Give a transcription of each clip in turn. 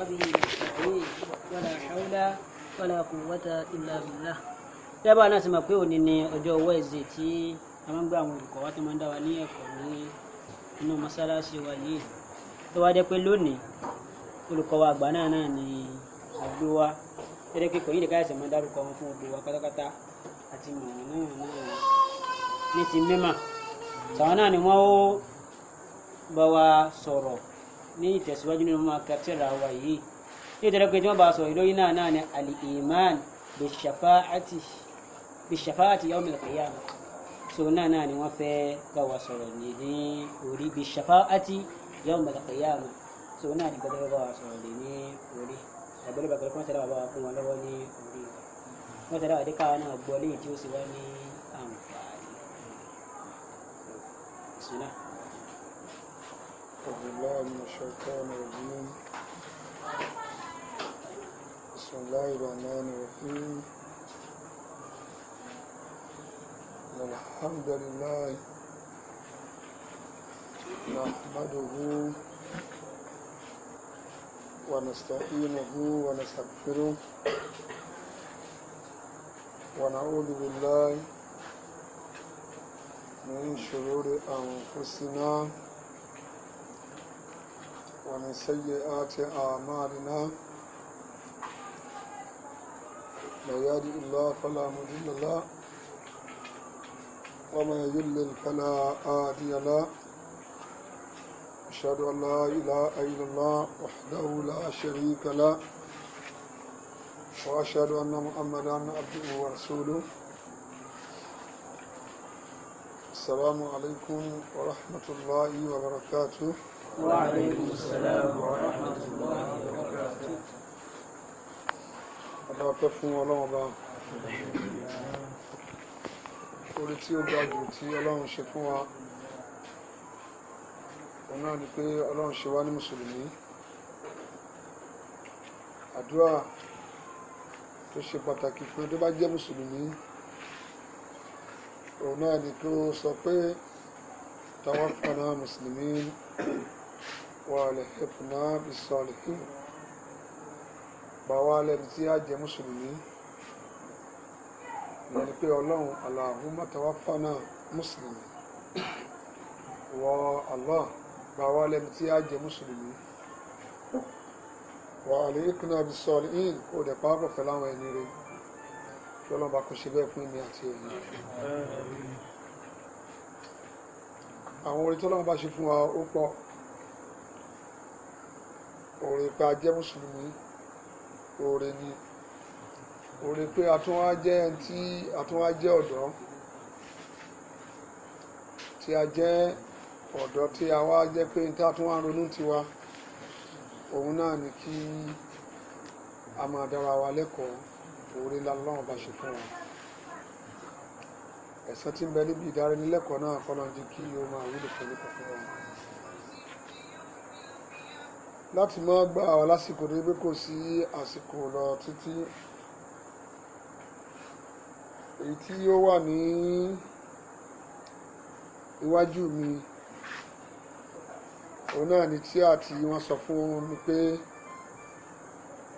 وبه ولا حول ولا قوة إلا بالله yaba náà ti mọ̀ pé òní ni ọjọ́ wẹ́ẹ̀sì tí a máa ń gbé àwọn olùkọ́ wa tó máa ń dá wa ní ẹ̀kọ́ ní inú mọ́ṣáláṣí wa yìí tó wá jẹ́ pé lónìí olùkọ́ wa àgbà náà náà ni àgbé wa tẹ́lẹ̀ pé kò yí lè káyọ̀sẹ̀ máa dárúkọ wọn fún odò wa pátápátá àti mọ̀ọ́nà náà náà ní ti mímọ̀ sàwọn náà ni wọ́n ó bá wa sọ̀rọ̀ ní ìtẹ̀síwájú nínú máa ka tírà wa yìí ní ìtẹ̀rẹ́ pé tí wọ́n bá sọ ìròyìn náà náà ni al-iman bi-shafa'ati bi-shafa'ati yawmil qiyamah so náà náà ni wọ́n fẹ́ bá wa sọ̀rọ̀ ní orí bi-shafa'ati yawmil qiyamah so náà ni gbọ́dọ̀ bá wa sọ̀rọ̀ ní orí ẹgbẹ́rẹ́ bàgbẹ́rẹ́ fún ṣẹlẹ̀ bàbá fún wọn lọ́wọ́ ní orí wọ́n ṣẹlẹ̀ àdékà náà gbọ́ léyìí tí ó sì wá ní àǹfààní. أعوذ بالله من الشيطان الرجيم بسم الله الرحمن الرحيم الحمد لله نحمده ونستعينه ونستغفره ونعوذ بالله من شرور أنفسنا ومن سيئات أعمالنا من يهدي الله فلا مضل له ومن يضلل فلا هادي له أشهد أن لا إله إلا الله وحده لا شريك له وأشهد أن محمدا عبده ورسوله السلام عليكم ورحمة الله وبركاته وعليكم السلام ورحمة الله وبركاته Adáwọ̀pẹ́ fún ọlọ́run ọba orí tí ó ga jù tí ọlọ́run ṣe fún wa. Òun náà ni pé ọlọ́run ṣe wá ní Mùsùlùmí. Àdúrà tó ṣe pàtàkì fún tó bá jẹ́ Mùsùlùmí. Òun náà ni kí sọ pé tawaffana Mùsùlùmí. والحقنا بالصالحين bàwa lẹni tí a jẹ mùsùlùmí lẹni pé ọlọ́run Allahumma tawaffana mùsùlùmí wọ Allah bàwa lẹni tí a jẹ mùsùlùmí wọ alhiqna bis-salihin dẹ̀ pàápọ̀ pẹ̀lú ẹni rẹ kí ọlọ́run bá ṣe bẹ́ẹ̀ fún mi àti ẹ̀yìn àwọn orin tí ṣe fún wa ó pọ̀ oore pé a jẹ́ mùsùlùmí oore ni oore pé a tún wá jẹ́ ẹni tí a tún wá jẹ́ ọ̀dọ́ tí a jẹ́ ọ̀dọ́ tí a wá jẹ́ pé tá a tún wá ronú tiwa òun náà ni kí a máa dára wa lẹ́kọ̀ọ́ oore lálọ́wọ́n bá ṣe fún wa ẹ̀san tí ń bẹ níbi ìdánilẹ́kọ̀ọ́ náà kọ́ ló di kí o máa wúlò fún ní kọ̀ọ̀kan wa láti mọ́ gba àwọn lásìkò ní pé kò sí àsìkò lọ títí èyí tí ó wà ní iwájú mi òun náà ni tí àti wọ́n sọ fún mi pé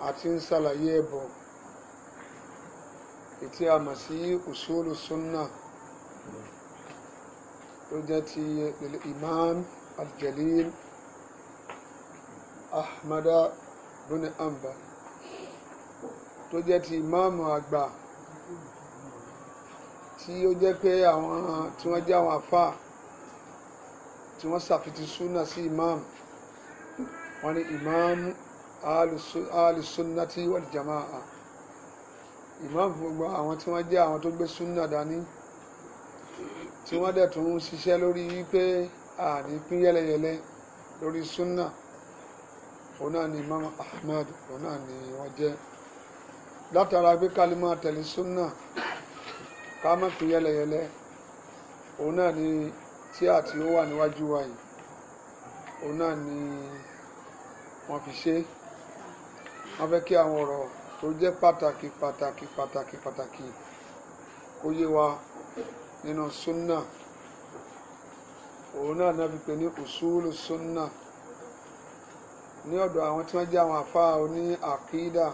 àti ń ṣàlàyé ẹ̀bọ̀ èyí tí a mọ̀ sí usulu sunna tó jẹ́ ti imam aljalil ahmada buni amba tó jẹ́ ti ìmáàmù àgbà tí ó jẹ́ pé àwọn tí wọ́n jẹ́ àwọn àfà tí wọ́n ṣàfitì súnà sí ìmáàmù wọ́n ní ìmáàmù alùsùnàtì wal jama'a ìmáàmù gbogbo àwọn tí wọ́n jẹ́ àwọn tó gbé súnà dání tí wọ́n dẹ̀ tún ń ṣiṣẹ́ lórí wípé àní pín yẹlẹyẹlẹ lórí súnà òun náà ni Imam Ahmad òun náà ni wọ́n jẹ́ látara pé kálímà tẹ̀lé súnà ká má fi yẹlẹyẹlẹ òun náà ni tí àti ó wà níwájú wa yìí òun náà ni wọ́n fi ṣe wọ́n fẹ́ kí àwọn ọ̀rọ̀ tó jẹ́ pàtàkì pàtàkì pàtàkì pàtàkì kó yé wa nínú súnà òun náà náà fi pè ní usulu súnà ní ọ̀dọ̀ àwọn tí wọ́n jẹ́ àwọn àfáà oní àkídà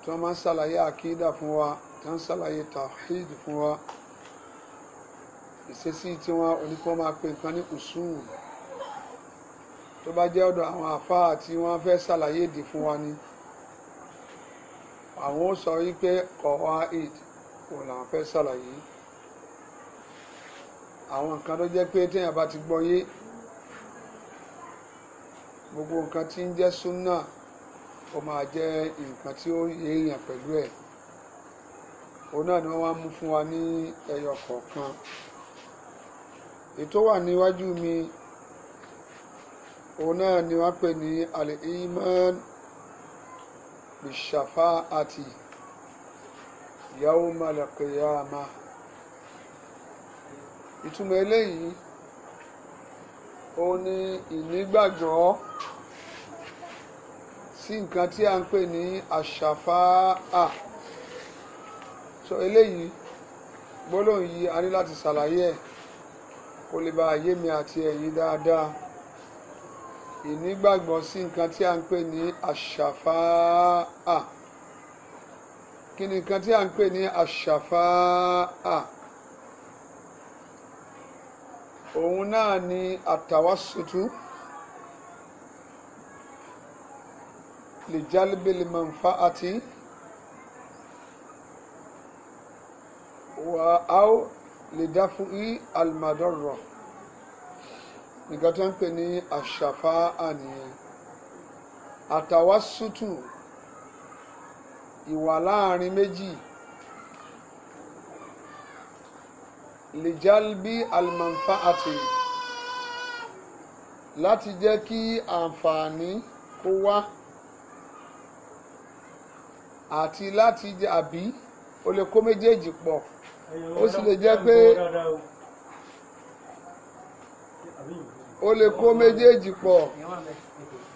tí wọ́n máa ń ṣàlàyé àkídà fún wa tí wọ́n ń ṣàlàyé tawhid fún wa ìṣesí tí wọ́n oníkọ́ máa pe nǹkan ní usul tó bá jẹ́ ọ̀dọ̀ àwọn àfáà tí wọ́n fẹ́ ṣàlàyé ìdí fún wa ni àwọn ó sọ wípé qawaid kò làwọn fẹ́ ṣàlàyé àwọn nǹkan tó jẹ́ pé téèyàn bá ti gbọ́ yé gbogbo nǹkan tí ń jẹ́ súnà ó máa jẹ́ nǹkan tí ó yéèyàn pẹ̀lú ẹ̀ òun náà ni wọ́n wá mú fún wa ní ẹyọ kọ̀ọ̀kan ètò wà níwájú mi òun náà ni wọ́n pè ní al-iman bishafaati yawmal qiyamah ìtumọ̀ eléyìí òun ni ìnígbàgbọ́ sí nǹkan tí a ń pè ní àṣàfáà sọ eléyìí gbólóhùn yìí a ní láti ṣàlàyé ẹ̀ kó lè bá ayé mi àti ẹ̀yin dáadáa ìnígbàgbọ́ sí nǹkan tí a ń pè ní àṣàfáà kí ni nǹkan tí a ń pè ní àṣàfáà òun náà ni àtàwásùtú lè jálíbélé mọ̀nfà àti wà á lè dáfú í àlùmọ̀dọ́rọ̀ nǹkan tó ń pè ní àṣàfà ànìyàn àtàwásùtú ìwà láàrin méjì. lìjálbí àlùmọ̀nfà àti láti jẹ́ kí àǹfààní kó wá àti láti jẹ àbí o lè kó méjèèjì pọ̀ ó sì lè jẹ́ pé o lè kó méjèèjì pọ̀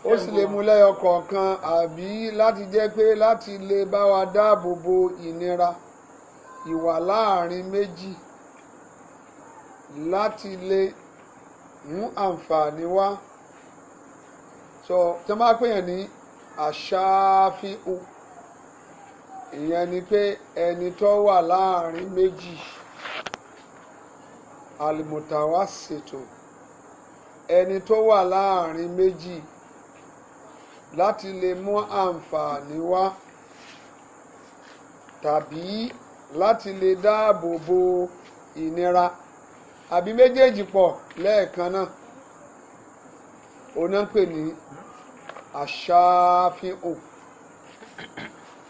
ó sì lè mú lẹ́yọ kọ̀ọ̀kan àbí láti jẹ́ pé láti lè bá wa dáàbò bo ìnira ìwà láàrin méjì láti lè mú àǹfààní wá sọ tí wọ́n pè yàn ní àṣàfihàn ìyẹn ni pé ẹni tó wà láàrin méjì àlùmọ̀tàwá ṣètò ẹni tó wà láàrin méjì láti lè mú àǹfààní wá tàbí láti lè dáàbò bo ìnira àbí méjèèjì pọ̀ lẹ́ẹ̀kan náà oná ń pè ní àṣàfihàn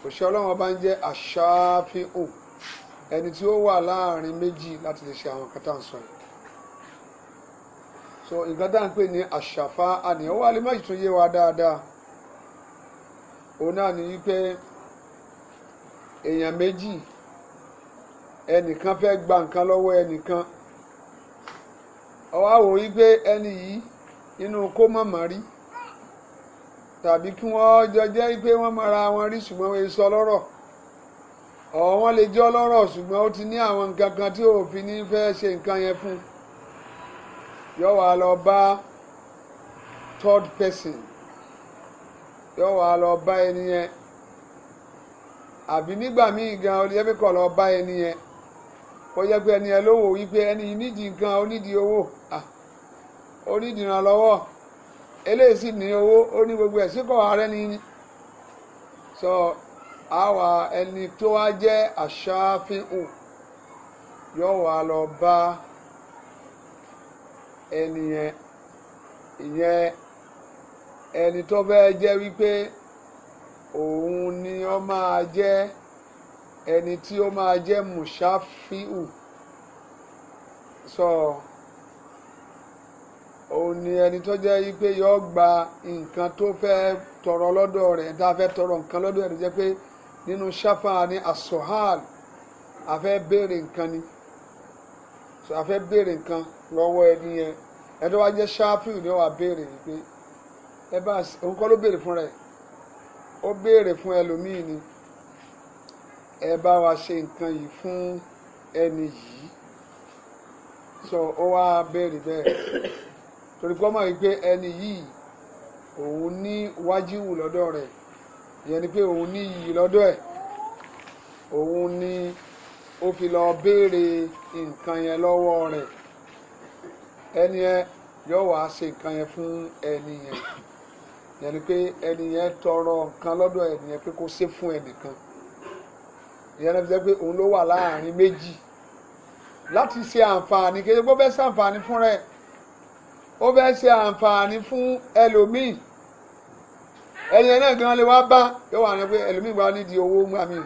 òṣìṣẹ́ ọlọ́run ọba ń jẹ́ àṣàfihàn ẹni tí ó wà láàrin méjì láti lè ṣe àwọn kátà ń sọ yìí so nǹkan tá à ń pè ní àṣàfà àníyàn ó wà lè má sì tún yé wa dáadáa òun náà ní wípé èèyàn méjì ẹnìkan fẹ́ gba nǹkan lọ́wọ́ ẹnìkan ọwọ́ àwò wípé ẹni yìí inú kó mọ̀mọ́ rí tàbí kí wọ́n jọ jẹ́ wípé wọ́n mara wọn rí ṣùgbọ́n wọ́n sọ lọ́rọ̀ ọ̀wọ́n wọn lè jọ lọ́rọ̀ ṣùgbọ́n ó ti ní àwọn nǹkan kan tí òfin ní fẹ́ ṣe nǹkan yẹn fún yọ wá lọ bá third person yọ wá lọ bá ẹni yẹn àbí nígbà míì gan olùyẹ́bí kọ̀ lọ bá ẹni yẹn kọjá pé ẹni ẹ lówó wípé ẹni nídìí nǹkan onídìí owó onídìí ràn lọ́wọ́ eléyìí sì ní owó ó ní gbogbo ẹ̀ síkọ̀ ààrẹ ni ni sọ àwa ẹni tó wá jẹ́ àṣàfihàn yóò wá lọ bá ẹni yẹn ìyẹn ẹni tó fẹ́ jẹ́ wípé òun ni ó máa jẹ́ ẹni tí ó máa jẹ́ mushafiu sọ òun ni ẹni tó jẹ́ pé yọ gba nǹkan tó fẹ́ tọrọ lọ́dọ̀ rẹ̀ tá a fẹ́ tọrọ nǹkan lọ́dọ̀ rẹ̀ jẹ́ pé nínú ṣáfà ní asohal a fẹ́ béèrè nǹkan ni so a fẹ́ béèrè nǹkan lọ́wọ́ ẹni yẹn ẹni tó bá jẹ́ ṣáfíù ni ó wà béèrè pé ẹ bá òun kọ́ ló béèrè fún rẹ̀ ó béèrè fún ẹlòmíì ni. ẹ bá wa ṣe nǹkan yìí fún ẹni yìí sọ ó wá béèrè bẹ́ẹ̀ torí kọ́ mọ̀ wípé ẹni yìí òun ní wájíwù lọ́dọ̀ rẹ̀ ìyẹn ni pé òun ní iyì lọ́dọ̀ ẹ̀ òun ni ó fi lọ béèrè nǹkan yẹn lọ́wọ́ rẹ̀ ẹni yẹn yóò wá ṣe nǹkan yẹn fún ẹni yẹn ìyẹn ni pé ẹni yẹn tọrọ nǹkan lọ́dọ̀ ẹni yẹn pé kó ṣe fún ẹnìkan ìyẹn náà fi jẹ́ pé òun ló wà láàrin méjì láti ṣe àǹfààní kejì pé ó fẹ́ ṣe àǹfààní fún rẹ̀ ó fẹ́ ṣe àǹfààní fún ẹlòmíì ẹni ẹ̀ náà gan lè wá bá yóò wà ní pé ẹlòmíì wá nídìí owó gbà mí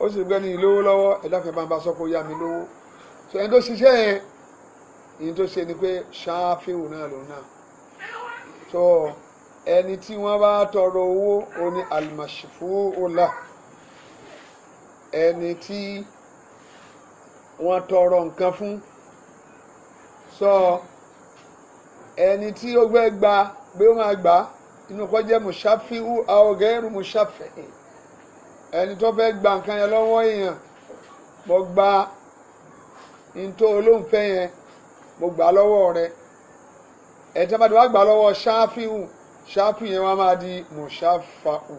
ó sì gbẹ́ ní ìlówó lọ́wọ́ ẹ̀dá fẹ́ bá ń bá sọ yá mi lówó so ẹni tó ṣiṣẹ́ yẹn ìyẹn tó ṣe ni pé ṣááfíhù náà lòun náà so ẹni tí wọ́n bá tọrọ owó ó ní àlùmọ̀ṣìfù ẹni tí wọ́n tọrọ nǹkan fún sọ ẹni tí ó gbẹ́ gba pé ó máa gbà inú kọ́ jẹ́ mùsàfíhù àwọ̀gẹ́rù mùsàfíhì ẹni tó fẹ́ gba nǹkan yẹn lọ́wọ́ èèyàn mo gba ntó olóńfẹ́ yẹn mo gbà lọ́wọ́ rẹ ẹ̀tẹ́ bá ti wá gbà lọ́wọ́ ṣáfíhù ṣáfíhù yẹn wá máa di mùsàfáhù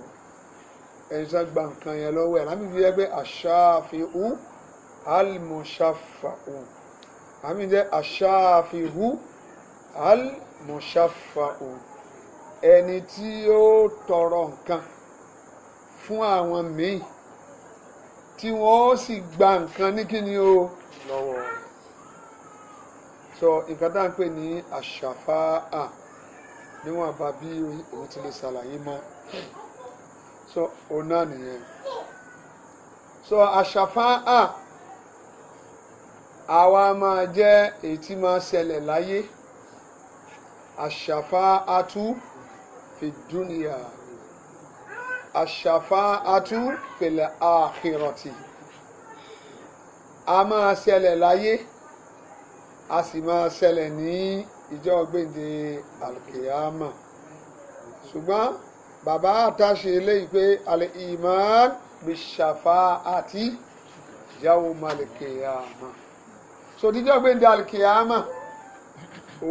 ẹni tí wọ́n gba nǹkan yẹn lọ́wọ́ ẹ̀ lámì fi jẹ́ pé àṣàfihu almushafahu lámì jẹ́ àṣàfihu almushafahu ẹni tí ó tọrọ nǹkan fún àwọn míì tí wọ́n sì gba nǹkan ní kíni o lọ́wọ́ sọ nǹkan tá à ń pè ní àṣàfáà níwọ̀n bá bí òun ti lè ṣàlàyé mọ́ so òun náà nìyẹn so àṣàfà à àwa máa jẹ́ èyí tí máa ṣẹlẹ̀ láyé àṣàfà àtú fìdúnìyà àṣàfà àtú fìlà àkìrọ̀tì a máa ṣẹlẹ̀ láyé a sì máa ṣẹlẹ̀ ní ìjọ gbèǹde àlùkìyàmà ṣùgbọ́n bàbá àtàṣe eléyìí pé alẹ́ iman bishafa àti yawmal qiyamah so dídí ọ̀gbìn di alikiyama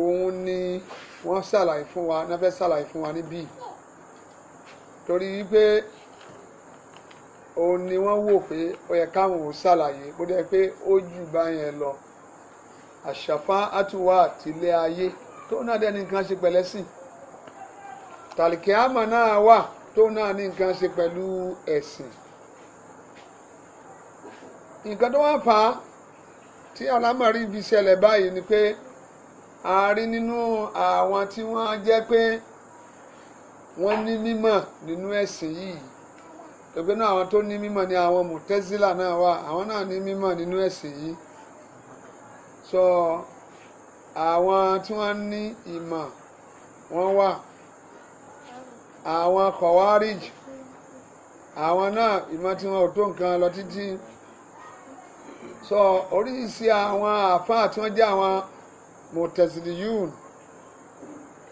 òun ni wọ́n ṣàlàyé fún wa náà fẹ́ ṣàlàyé fún wa níbí torí wípé òun ni wọ́n wò pé ó yẹ káwọn ò ṣàlàyé bó dẹ́ pé ó jù bá yẹn lọ àṣàfà àtúwà àtìlẹ́ ayé tó náà dẹ́ni nǹkan ṣe pẹ̀lẹ́sìn tàlìkíámà náà wà tó náà ní nǹkan ṣe pẹ̀lú ẹ̀sìn nǹkan tó wá fà á tí alámọ̀rí ibi ṣẹlẹ̀ báyìí ni pé a rí nínú àwọn tí wọ́n jẹ́ pé wọ́n ní mímọ̀ nínú ẹ̀sìn yìí tọ́gbẹ́ náà àwọn tó ní mímọ̀ ni àwọn mùtẹ́sílà náà wà àwọn náà ní mímọ̀ nínú ẹ̀sìn yìí sọ àwọn tí wọ́n ní ìmọ̀ wọ́n wà àwọn kọ̀wárìj àwọn náà ìmọ̀ tí wọn ò tó nǹkan lọ títí sọ oríṣiríṣi àwọn àfáà tí wọ́n jẹ́ àwọn mọ̀tẹ́sídìyún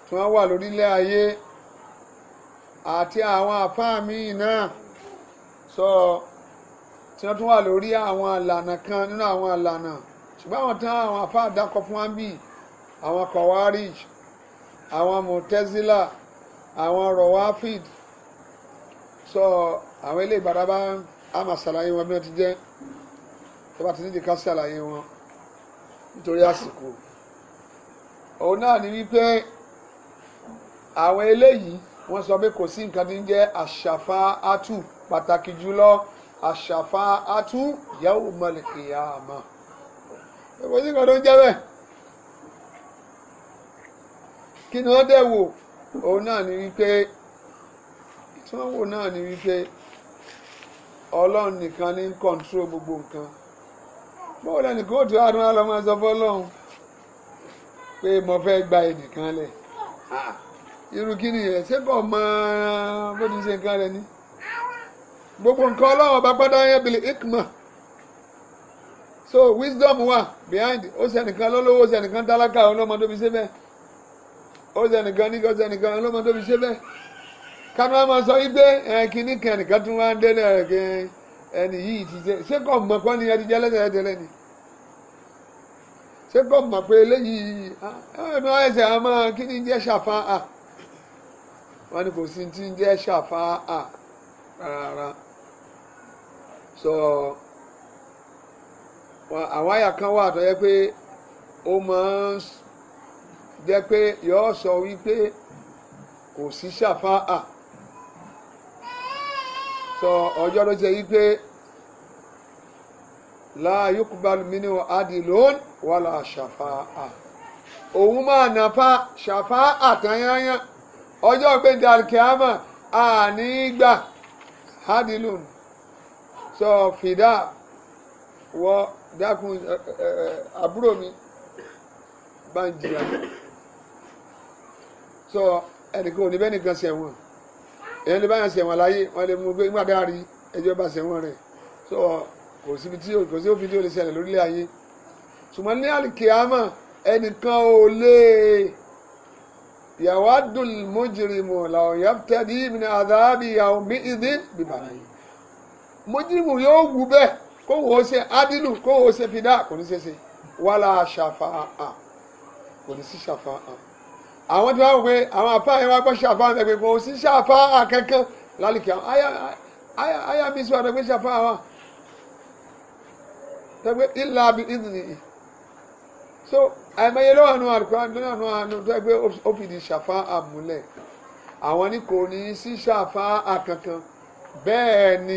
tí wọ́n wà lórílẹ̀ ayé àti àwọn àfáà míì náà sọ tí wọ́n tún wà lórí àwọn ìlànà kan nínú àwọn ìlànà ṣùgbọ́n àwọn tán àwọn àfáà dákọ̀ fún wa bíi àwọn kọ̀wárìj àwọn mọ̀tẹ́sílà àwọn rọwáfíd sọ àwọn ilé ìgbàdá bá àmà ṣàlàyé wọn bí wọn ti jẹ tó bá ti nídìí ká ṣàlàyé wọn nítorí àsìkò òun náà ni wípé àwọn eléyìí wọn sọ pé kò sí nǹkan tí ń jẹ àṣàfà átù pàtàkì jùlọ àṣàfà átù yawmal qiyamah èwo sí nǹkan tó ń jẹ bẹ́ẹ̀ kí ni wọn dẹ wò òun náà ni wípé ìtúnwò náà ni wípé ọlọ́run nìkan ní kọ́ńtró gbogbo nǹkan bóun lẹ́nu kó tó àdúrà wá lọ́mọ sọ fọ́lọ́run pé mo fẹ́ gba ẹnìkan lẹ̀ irú kí ni ẹ̀ ṣé kò mọ bó ti ṣe nǹkan rẹ ni gbogbo nǹkan ọlọ́run ọba pátá yẹn bìlì ikma so wisdom wà behind ó ṣẹnìkan lọ́lọ́wọ́ ó ṣẹnìkan tálákà ọlọ́mọ tó fi ṣe bẹ́ẹ̀ ó sẹ́nìkan ní kó sẹ́nìkan ọlọ́mọ tó fi ṣe bẹ́ẹ̀ kánú àmọ́ sọ wípé kínní kan nìkan tún wá ń délẹ̀ rẹ̀ kí ẹni yìí ti jẹ́ ṣé kò mọ̀ pọ́n ni ẹni jẹ́ lẹ́sẹ̀ tẹ́lẹ̀ ni ṣé kò mọ̀ pé eléyìí ẹnu ẹsẹ̀ àmọ́ kí ni jẹ́ ṣàfà à wọ́n ní kò sí ti ń jẹ́ ṣàfà à rárá sọ àwọn àyà kan wà tó yẹ pé ó máa ń jẹ́ pé yọ sọ wípé kò sí ṣàfà à sọ ọjọ́ ló ṣe wípé la yukubal minu adilon wala ṣàfàá òun máa nàfa ṣàfàá àtàyányán ọjọ́ gbẹ̀dẹ̀ alkiama ànígbà adilon sọ fìdá wọ dákun àbúrò mi bá ń jìyà sọ ẹnìkan ò ní bẹ́ẹ̀ nìkan ṣẹ̀wọ̀n èyàn lè báyàn ṣẹ̀wọ̀n láyé wọn lè mú gbé gbàdá rí ẹjọ́ bá ṣẹ̀wọ̀n rẹ̀ sọ kò síbi tí kò sí òfin tí ó lè ṣẹlẹ̀ lórílẹ̀ ayé ṣùgbọ́n ní àlìkèámà ẹnìkan ò lè yàwá dùn mójìrìmù làwọn yàá tẹ̀lé ìmìnira àdáàbì yàwó mi ìdí bìbà mójìrìmù yóò wù bẹ́ẹ̀ kó wọ́n ṣe adilu kó wọ́n ṣe fidá kò ní ṣe ṣe wàhálà ṣàfà kò ní sí ṣàfà hàn àwọn tí wọ́n wọ pé àwọn àpá yẹn wá gbọ́ ṣàfà àwọn ẹgbẹ́ kò sí ṣàfà àkẹ́kẹ́ lálùkẹ́ àwọn àyà mi sọ̀rọ̀ pé ṣàfà àwọn tẹ́gbẹ́ ìlà ìdìní so àìmọye lọ́wọ́ àánú àdùkọ́ àdúrà àánú tẹ́gbẹ́ ó fi di ṣàfà àmúlẹ̀ àwọn ní kò ní sí ṣàfà àkànkan bẹ́ẹ̀ ni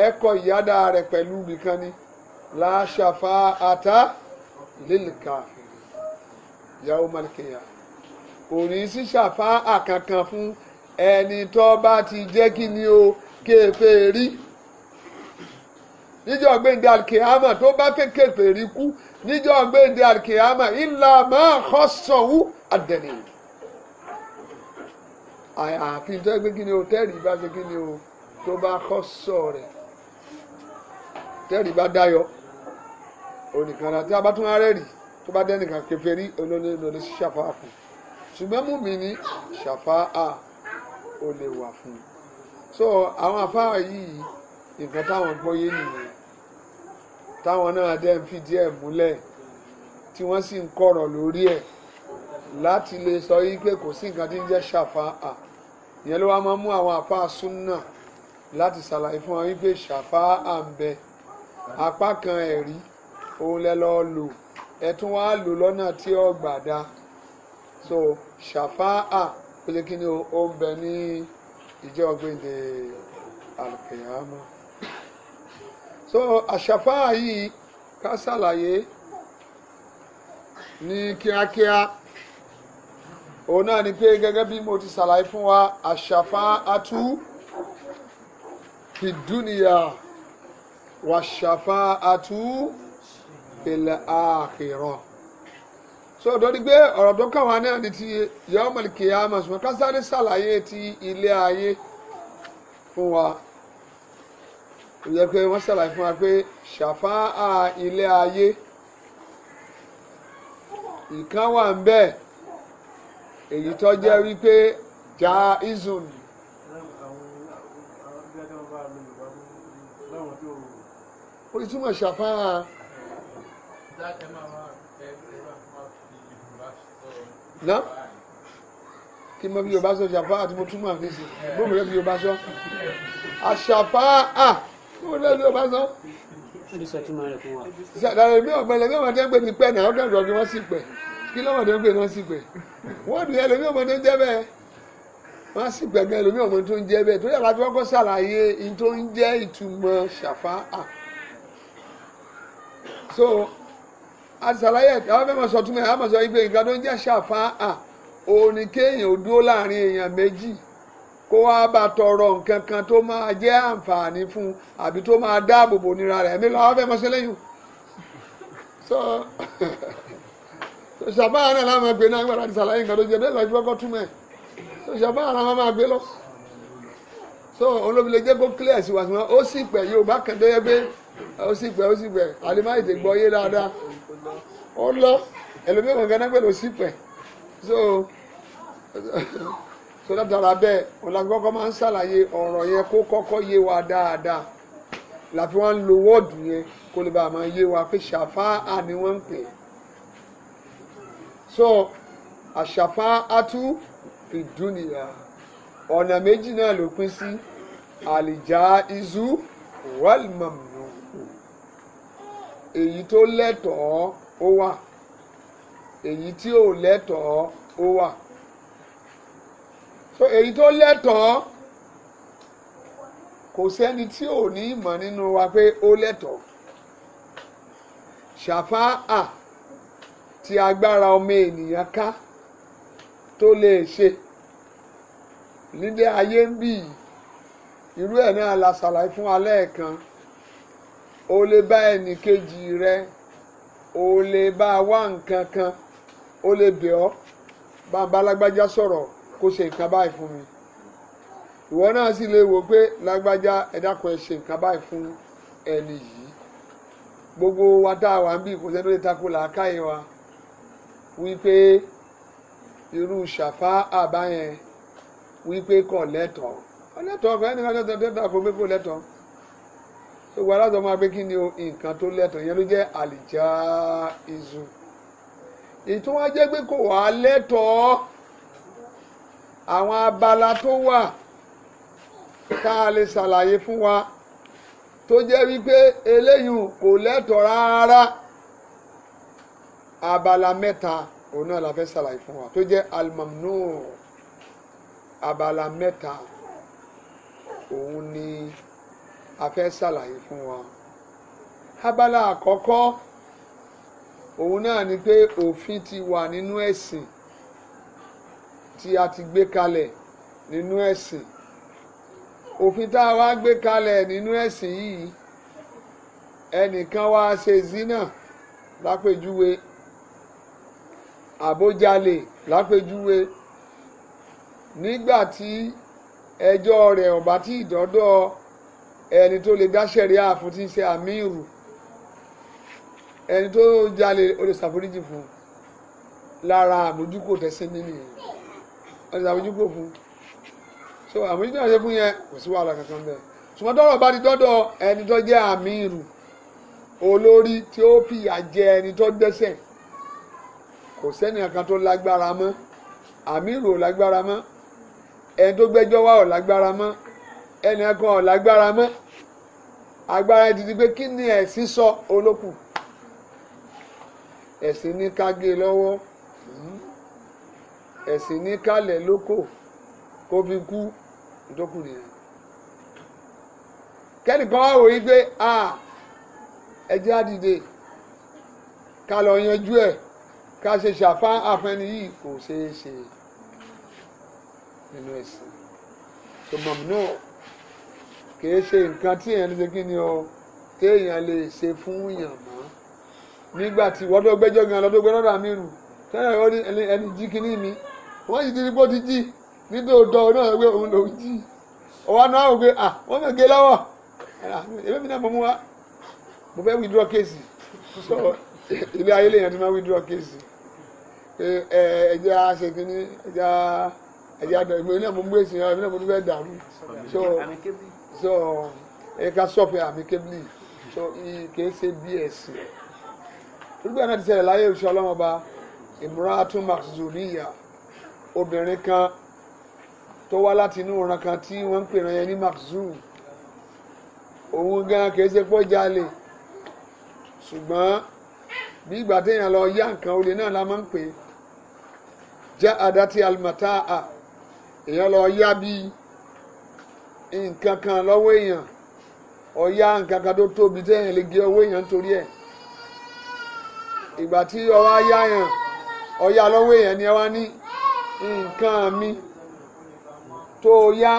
ẹ kọ ìyáda rẹ̀ pẹ̀lú nìkan ni láṣàfà àtà lílìkà yàwó malikẹ́yà kò ní sí ṣàfáà kankan fún ẹni tó bá ti jẹ́ kí ni o kéèpé rí níjọ́ gbẹ̀ndé alkeama tó bá fẹ́ kéèpé rí kú níjọ́ gbẹ̀ndé alkeama ìlà máa kọ́ sọ̀wú àdẹ̀nì àyàfi tó gbé kí ni o tẹ́rì bá ṣe kí ni o tó bá kọ́ sọ̀ rẹ̀ tẹ́rì bá dáyọ̀ onìkan àti abátúnrárẹ̀ rì tó bá dẹ́nìkan kéèpé rí olóní lóní ṣàfáà fún un ṣùgbọ́n mú mi ní ṣàfà à ó lè wà fún so àwọn afárá yìí nǹkan táwọn gbọ́yé nìyẹn táwọn náà dẹ́ ń fìdí ẹ̀ múlẹ̀ tí wọ́n sì ń kọ̀rọ̀ lórí ẹ̀ láti lè sọ yí pé kò sí nǹkan tí ń jẹ́ ṣàfà à ìyẹn ló wá máa mú àwọn apá súnà láti ṣàlàyé fún wọn wípé ṣàfà à ń bẹ apá kan ẹ̀rí òun lẹ lọ́ọ́ lò ẹ̀ tún wá lò lọ́nà tí ó gbà so ṣàfáà pélé kí ni ó ń bẹ ní ìjọ gbèǹde alùkìyàmọ́ so àṣàfáà yìí ká ṣàlàyé ní kíákíá òun náà ni pé gẹ́gẹ́ bí mo ti ṣàlàyé fún wa àṣàfáàtú fìdúnìyà wàṣàfáàtú fil akhirah so torí pé ọ̀rọ̀ tó kàn wá náà ni ti yọ́mọ̀lì kìyàmọ̀ ṣùgbọ́n kásáré ṣàlàyé ti ilé ayé fún wa ó yẹ pé wọ́n ṣàlàyé fún wa pé ṣàfáà ilé ayé ìkan wà ń bẹ èyí tó jẹ́ wípé ja izun. ó túmọ̀ ṣàfáà náà kí mo fi yorùbá sọ ṣàfà àti mo túmọ̀ àfẹsẹ̀ bóun rẹ̀ fi yorùbá sọ àṣàfà à bóun rẹ̀ fi yorùbá sọ. ṣàdàrẹ̀ mi ọ̀gbẹ́ lẹ́mí ọmọdé ń pè ní pẹ́ náà ọ̀dọ̀ ọ̀dọ̀ ni wọ́n sì pẹ̀ kí lọ́mọdé ń pè ní wọ́n sì pẹ̀ wọ́n dùn ẹlẹ́mí ọmọdé ń jẹ́ bẹ́ẹ̀ wọ́n sì gbẹ̀gbẹ́ ẹlòmí ọmọ tó ń jẹ́ bẹ́ẹ̀ tó yàrá tí wọ́n kọ́ ṣàlàyé in tó ń jẹ́ ìtumọ̀ ṣàfà à. so àṣàlàyé ẹ̀ táwọn fẹ́ẹ́ máa sọ túmọ̀ ẹ̀ á máa sọ ibi nǹkan tó ń jẹ́ ṣàfà à òun ni kéèyàn ò dúró láàrin èèyàn méjì kó wá bá tọrọ nǹkan kan tó máa jẹ́ àǹfààní fún àbí tó máa dáàbò bò nira rẹ̀ ẹ̀mí làwọn fẹ́ẹ́ máa ṣe lẹ́yìn so ṣàfà náà láwọn máa gbé náà gbàdá àṣàlàyé nǹkan tó jẹ́ bẹ́ẹ̀ lọ́jọ́ kọ́ túmọ̀ ẹ̀ so ṣàfà náà máa gbé lọ so olóbìnrin jẹ́ kó clear sí wa sí wọn ó sì pẹ̀ Yorùbá kan tó pé ó sì pẹ̀ ó sì pẹ̀ àlè má ètè gbọ́ yé dáadáa ó lọ ẹlòmíì kan gánà pẹ̀lú sípẹ̀ so so látara bẹ́ẹ̀ ọ̀làgbọ́kọ́ máa ń ṣàlàyé ọ̀rọ̀ yẹn kó kọ́kọ́ yé wa dáadáa làfi wọ́n ń lo wọ́ọ̀dù yẹn kó lè bá a máa yé wa pé ṣàfáà ni wọ́n ń pè é so àṣàfáà atú fìdúnìyà ọ̀nà méjì náà ló pín sí àlìjá izu wàlmàmù èyí tó lẹ́tọ̀ọ́ ó wà èyí tí ò lẹ́tọ̀ọ́ ó wà so èyí tó lẹ́tọ̀ọ́ kò sẹ́ni tí ò ní ìmọ̀ nínú wa pé ó lẹ́tọ̀ọ́ ṣàfáà tí agbára ọmọ ènìyàn ká tó lè ṣe nílé ayé ń bì irú ẹ̀ náà la ṣàlàyé fún wa lẹ́ẹ̀kan o lè bá ẹnì kejì rẹ ò lè bá a wá nǹkan kan ó lè bẹ̀ ọ́ bá a bá lágbájá sọ̀rọ̀ kó ṣe nǹkan báyìí fún mi ìwọ náà sì lè wò pé lágbájá ẹ dákun ṣe nǹkan báyìí fún ẹni yìí gbogbo wa tá a wà ń bí kò sẹ́ni ó lè takò làákàyè wa wípé irú ṣàfá àbáyẹn wípé kò lẹ́tọ̀ọ́ lẹ́tọ̀ọ́ kò ẹnì tó tẹ̀ tẹ̀ tẹ̀ kò pé kò lẹ́tọ̀ọ́ gbogbo aláàtọ̀ máa pé kí ni o nǹkan tó lẹ́tọ̀ yẹn ló jẹ́ àlìjá izu ìtumọ̀ jẹ́ pé kò wá lẹ́tọ̀ọ́ àwọn abala tó wà tá a lè ṣàlàyé fún wa tó jẹ́ wípé eléyìí kò lẹ́tọ̀ọ́ rárá abala mẹ́ta òun náà la fẹ́ ṣàlàyé fún wa tó jẹ́ alimamnu abala mẹ́ta òun ni a fẹ́ ṣàlàyé fún wa abala àkọ́kọ́ òun náà ni pé òfin ti wà nínú ẹ̀sìn tí a ti gbé kalẹ̀ nínú ẹ̀sìn òfin tá a wá gbé kalẹ̀ nínú ẹ̀sìn yìí ẹnìkan wá ṣe zina lápèjúwe àbójalè lápèjúwe nígbà tí ẹjọ́ rẹ̀ ọ̀bá tí ìdọ́dọ̀ ẹni tó lè dá sẹ̀ríà fún tí ń ṣe àmírù ẹni tó jalè ó lè ṣàforíjì fún lára àmójúkò tẹ̀sìn nínú yẹn ó fún so àmójúkò náà ṣe fún yẹn kò sí wàhálà kankan bẹ́ẹ̀ ṣùgbọ́n tọ́rọ̀ bá ti dọ́dọ̀ ẹni tó jẹ́ àmírù olórí tí ó fìyà jẹ ẹni tó dẹ́sẹ̀ kò sẹ́ni kankan tó lágbára mọ́ àmírù ò lágbára mọ́ ẹni tó gbẹ́jọ́ wá ò lágbára mọ́ ẹnìkan ò lágbára mọ́ agbára ti di pé kí ni ẹ̀sìn sọ olókù ẹ̀sìn ní ká gé lọ́wọ́ hmm. ẹ̀sìn ní kálẹ̀ lóko kó fi kú ìtókù nìyẹn kẹ́nìkan wá wòye pé a ẹjẹ́ á dìde ká lọ yanjú ẹ̀ ká ṣe ṣàfá àfẹni yìí kò ṣeé ṣe nínú ẹ̀sìn tó mọ̀mí náà kìí ṣe nǹkan tí èèyàn lè ṣe kí ni o téèyàn lè ṣe fún yàn mọ́ nígbà tí wọ́n tó gbẹ́jọ́ gan lọ́dọ́ gbẹ́ lọ́dọ̀ àmì rù tẹ́lẹ̀ ó ní ẹni jí kíní mi wọ́n sì ti ní bó ti jí nítòótọ́ náà wípé òun lòún jí ọwọ́ náà wò pé à wọ́n mọ̀ gé e lọ́wọ́ ẹ̀rọ mi náà mo mú wa mo fẹ́ withdraw kéèsì so ilé ayé lèèyàn ti máa withdraw kéèsì ẹ ẹjẹ ṣe kíní ẹjẹ ẹjẹ àdàgbé náà mo mú èsì náà mo fẹ́ dàrú so so ẹ̀ka sọ́fẹ̀ àmì kébìlì so kìí ṣe bí ẹ̀sìn nígbà náà ti ṣẹlẹ̀ láyé òṣìṣẹ́ ọlọ́mọba ìmúra tún maxzuriya obìnrin kan tó wá láti inú ìran kan tí wọ́n ń pè ràn yẹn ní maxzur òun gan kìí ṣe pọ́ jalè ṣùgbọ́n bí ìgbà téèyàn lọ yá nǹkan olè náà la máa ń pè já adá tí alimata a èèyàn lọ yá bíi nǹkan kan lọ́wọ́ èèyàn ọ̀ya nǹkan kan tó tóbi téèyàn lè gé ọwọ́ èèyàn nítorí ẹ̀ ìgbà tí ọwọ́ ayá yàn ọ̀ya lọ́wọ́ èèyàn ni ẹ wá ní nǹkan mi tó yá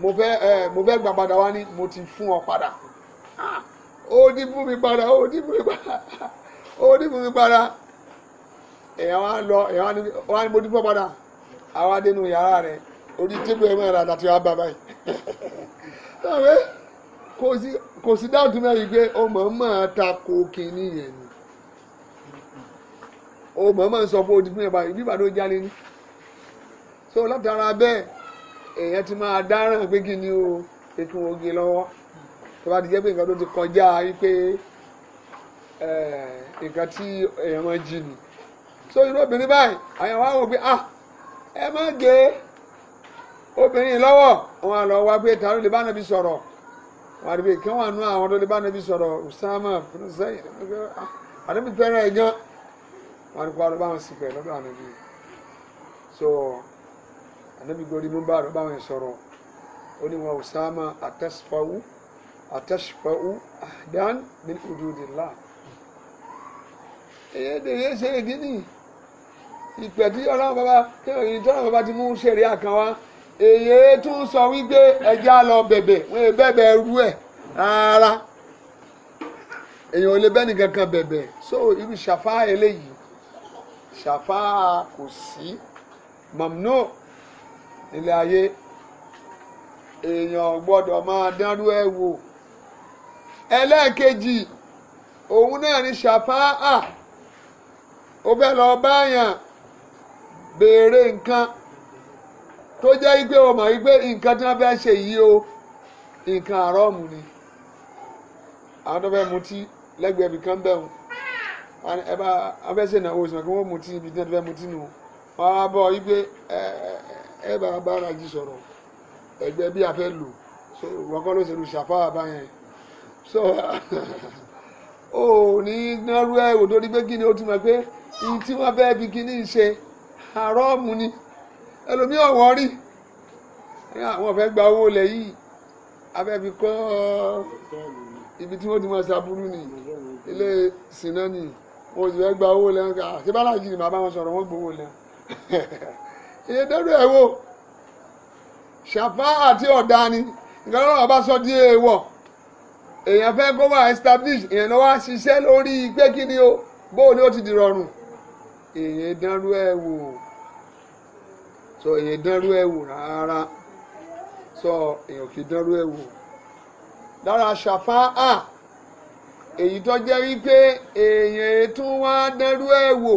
mo fẹ́ ẹ mo fẹ́ gbà padà wá ní mo ti fún ọ padà ah, ó ní fún mi padà ó ní fún mi padà ó ní fún mi padà èèyàn wá lọ èèyàn wá ní mo ti fún ọ padà àwa dénú yàrá rẹ̀. orí tébù ẹ̀mọ́ ẹ̀rọ àdàtì wa bá báyìí kò sí dáàtú mẹ́rin pé ó mọ̀ mọ́ ta ko kínní yẹn ni ó mọ̀ sọ fún odidi ìbàdàn ni so látara bẹ́ẹ̀ èèyàn ti máa dáràn pé kí ni o ètò oge lọ́wọ́ tó bá ti jẹ́ pé nǹkan tó ti kọjá wípé nǹkan tí èèyàn máa jí ni so irú obìnrin báyìí àyàn wá wò ah ẹ gé obìnrin lọ́wọ́ wọn lọ wá pé ta ló lè bá nàbí sọ̀rọ̀ wọn àdìbò kí wọn nú àwọn tó lè bá nàbí sọ̀rọ̀ Usama fúnṣẹ́yìn àdìbò fẹ́ràn ẹ̀ gan wọn àdìbò wọn lọ bá wọn sì pẹ̀ lọ́dọ̀ ànàbí so ànàbí gbòdì mú bá lọ bá wọn sọ̀rọ̀ ó ní wọn Usama àtẹ́sífọ́wù àtẹ́sífọ́wù àdán ní ìdúdìlá èyí èyí ṣe ìdí nìyí ìpẹ̀tí ọlọ́run bàbá kí ọ̀yìn tọ́lọ́run bàbá ti mú ṣèrè àkànwá èyí tún sọ wípé ẹja lọ bẹ̀bẹ̀ wọn è bẹ̀bẹ̀ rú ẹ̀ rárá èyàn ò lè bẹ́ni kankan bẹ̀bẹ̀ so irú ṣàfá eléyìí ṣàfá kò sí mamno ilé ayé èèyàn gbọ́dọ̀ máa dánrú ẹ̀ wò ẹlẹ́ẹ̀kejì òun náà ní ṣàfá à ó bẹ́ẹ̀ lọ báyàn béèrè nǹkan tó jẹ́ igbe o mọ̀ igbe nǹkan tí wọ́n fẹ́ ṣe yìí o nǹkan àrọ́ọ̀mù ni àwọn tó fẹ́ mutí lẹ́gbẹ̀ẹ́ ibì kan bẹ̀rù ẹ bá wọ́n fẹ́ ṣe ìnáwó oṣù kí wọ́n mutí ibi tí wọ́n fẹ́ mutí nù wọ́n á bọ̀ igbe ẹ bá bá ara jì sọ̀rọ̀ ẹgbẹ́ bí a fẹ́ lò wọ́n kọ́ ló ṣe lu ṣàfáà báyẹn so ò ní nárú ẹ̀ òdòdó gbé kíni ó ti mọ̀ pé ìyí tí wọ́n fẹ́ fi kíní ṣe àrọ́ọ̀mù ni ẹlòmíì ọ̀wọ́ rí àwọn fẹ́ gba owó lẹ̀ yìí abẹ́bí kọ́ ibi tí wọ́n ti máa ṣàbúrú ni ilé sinna ni wọ́n ti fẹ́ gba owó lẹ̀ ká ṣé bá láàjì ni bàbá wọn sọ̀rọ̀ wọ́n gbowó lẹ̀ iye dẹ́rù ẹ̀ wò ṣàfá àti ọ̀dà ni nǹkan lọ́wọ́ bá sọ di èèwọ̀ èèyàn fẹ́ kó wà establish èèyàn lọ́wọ́ ṣiṣẹ́ lórí pé kí ni o bóun ni ó ti di rọrùn èèyàn dánrú ẹ̀ wò so èyàn dánrú ẹ̀ wò rárá so èyàn kì í dánrú ẹ̀ wò lára ṣàfá à èyí tó jẹ́ wípé èyàn tún wá dánrú ẹ̀ wò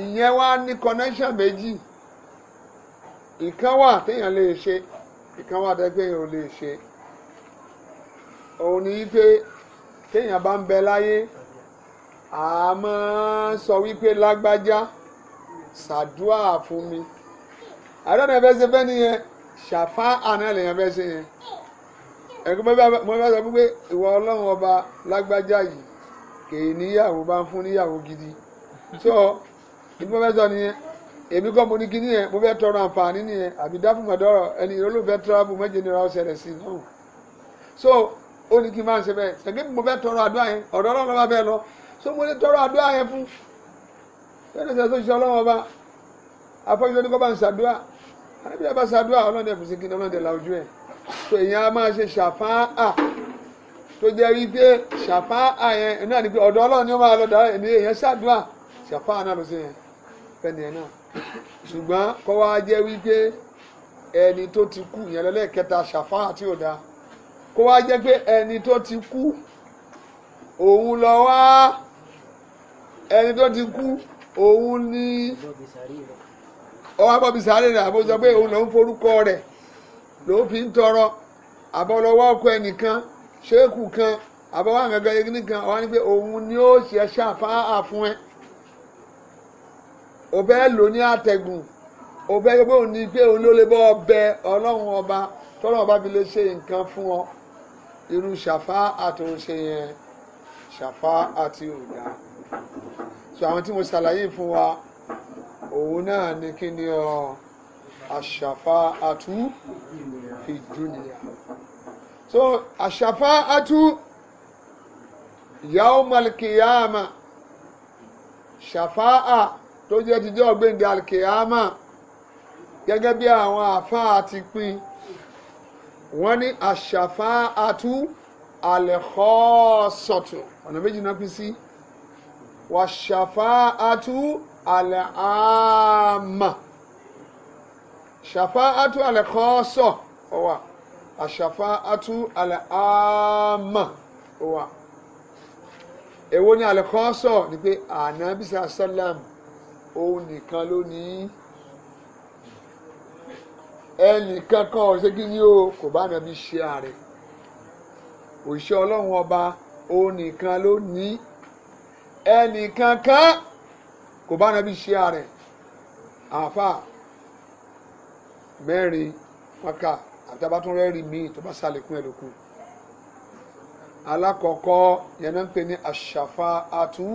ìyẹn wá ní connection méjì ìkan wà téèyàn lè ṣe ìkan wà tẹ́ pé lè ṣe òun ni wípé téèyàn bá ń bẹ láyé àmọ́ sọ wípé lágbájá. La Sadua fún mi àdúrà yẹn fẹ́ ṣe fẹ́ nìyẹn ṣàfá àná lèyàn fẹ́ ṣe yẹn ẹ̀kú mo fẹ́ sọ pé ìwọ ọlọ́run ọba lágbájá yìí kèé níyàwó bá ń fún níyàwó gidi so ìdí mo fẹ́ sọ nìyẹn èmi kọ́ mo ní kí nìyẹn mo fẹ́ tọrọ àǹfààní nìyẹn àbí dáfùmọ̀dọ́rọ̀ ẹni ìrólùfẹ́ tíráàbù méje nira ọ̀sẹ̀ rẹ̀ sí náà so ó ní kí n máa ń ṣe bẹ́ẹ̀ ṣègbè mo fẹ́ tọrọ àdúrà yẹn ọ̀dọ́ ọlọ́run bá bẹ́ẹ̀ lọ so mo lè tọrọ àdúrà yẹn fún bẹ́ẹ̀ ni sọ́jọ́ ọlọ́wọ́ bá afọ́jọ́ ní kọ́ bá ń ṣàdúrà àníbi ẹ̀ bá ṣàdúrà ọlọ́dẹ kò sí kí ọlọ́dẹ làwùjọ ẹ̀ tó èèyàn á máa ṣe ṣàfáà tó jẹ́ rí pé ṣàfáà yẹn inú àti pé ọ̀dọ̀ ọlọ́run ni ó máa lọ dára ẹ̀mí èèyàn ṣàdúrà ṣàfáà náà ló ṣe yẹn fẹ́ni ẹ̀ náà ṣùgbọ́n kọ́ wá jẹ́ wí ẹni tó ti kú yẹn lọ́lẹ́kẹta ṣàfáà tí ò da kó wá jẹ́ pé ẹni tó ti kú òun lọ wá ẹni tó ti kú òun ní ọwọ́ abọ́bi sáré rẹ̀ àbójọ pé òun lòún forúkọ rẹ̀ lòún fi ń tọrọ àbọ̀lọ́wọ́ ọkọ ẹnìkan ṣéèkù kan àbọ̀wọ́ àgàgà yẹn nìkan ọ̀wá ni pé òun ni ó ṣe ṣàfáà fún ẹ òbẹ́ lò ní àtẹ̀gùn òbẹ́ pé òun ni pé òun ló lè bọ́ ọbẹ̀ ọlọ́run ọba tọ́lọ́run ọba fi lè ṣe nǹkan fún ọ irú ṣàfáà àtòun ṣe yẹn ṣàfáà àti òdà so àwọn tí mo ṣàlàyé fún wa òun náà ni kí ni ọ àṣàfà àtú fi dúnìyà so àṣàfà àtú yawm al-qiyama ṣàfáà tó jẹ́ ti jẹ́ ọ̀gbẹ́ndé alkiyama gẹ́gẹ́ bí àwọn àfáà ti pín wọ́n ní àṣàfáà àtú alẹ́kọ́ọ̀sọ̀tù ọ̀nà méjì náà pín sí. Si wàṣàfáàtú àlàámà ṣàfáàtú àlàkọ́sọ̀ ọ̀wà àṣàfáàtú àlàámà ọ̀wà èwo ni àlàkọ́sọ̀ ni pé ànábìsà sálàmù òun nìkan ló ní ẹnìkan kan ọ̀sẹ̀ kí ni o kò bá nàbí ṣe ààrẹ òṣìṣẹ́ ọlọ́run ọba òun nìkan ló ní ẹnìkankan kò bá nàbí ṣe àrẹ̀ àáfà mẹ́rin maka àtàbátúnrẹ́ rí mi tó bá sàlékún ẹ̀ lókun alákọ̀ọ́kọ́ yẹn náà ń pè ní àṣàfà àtú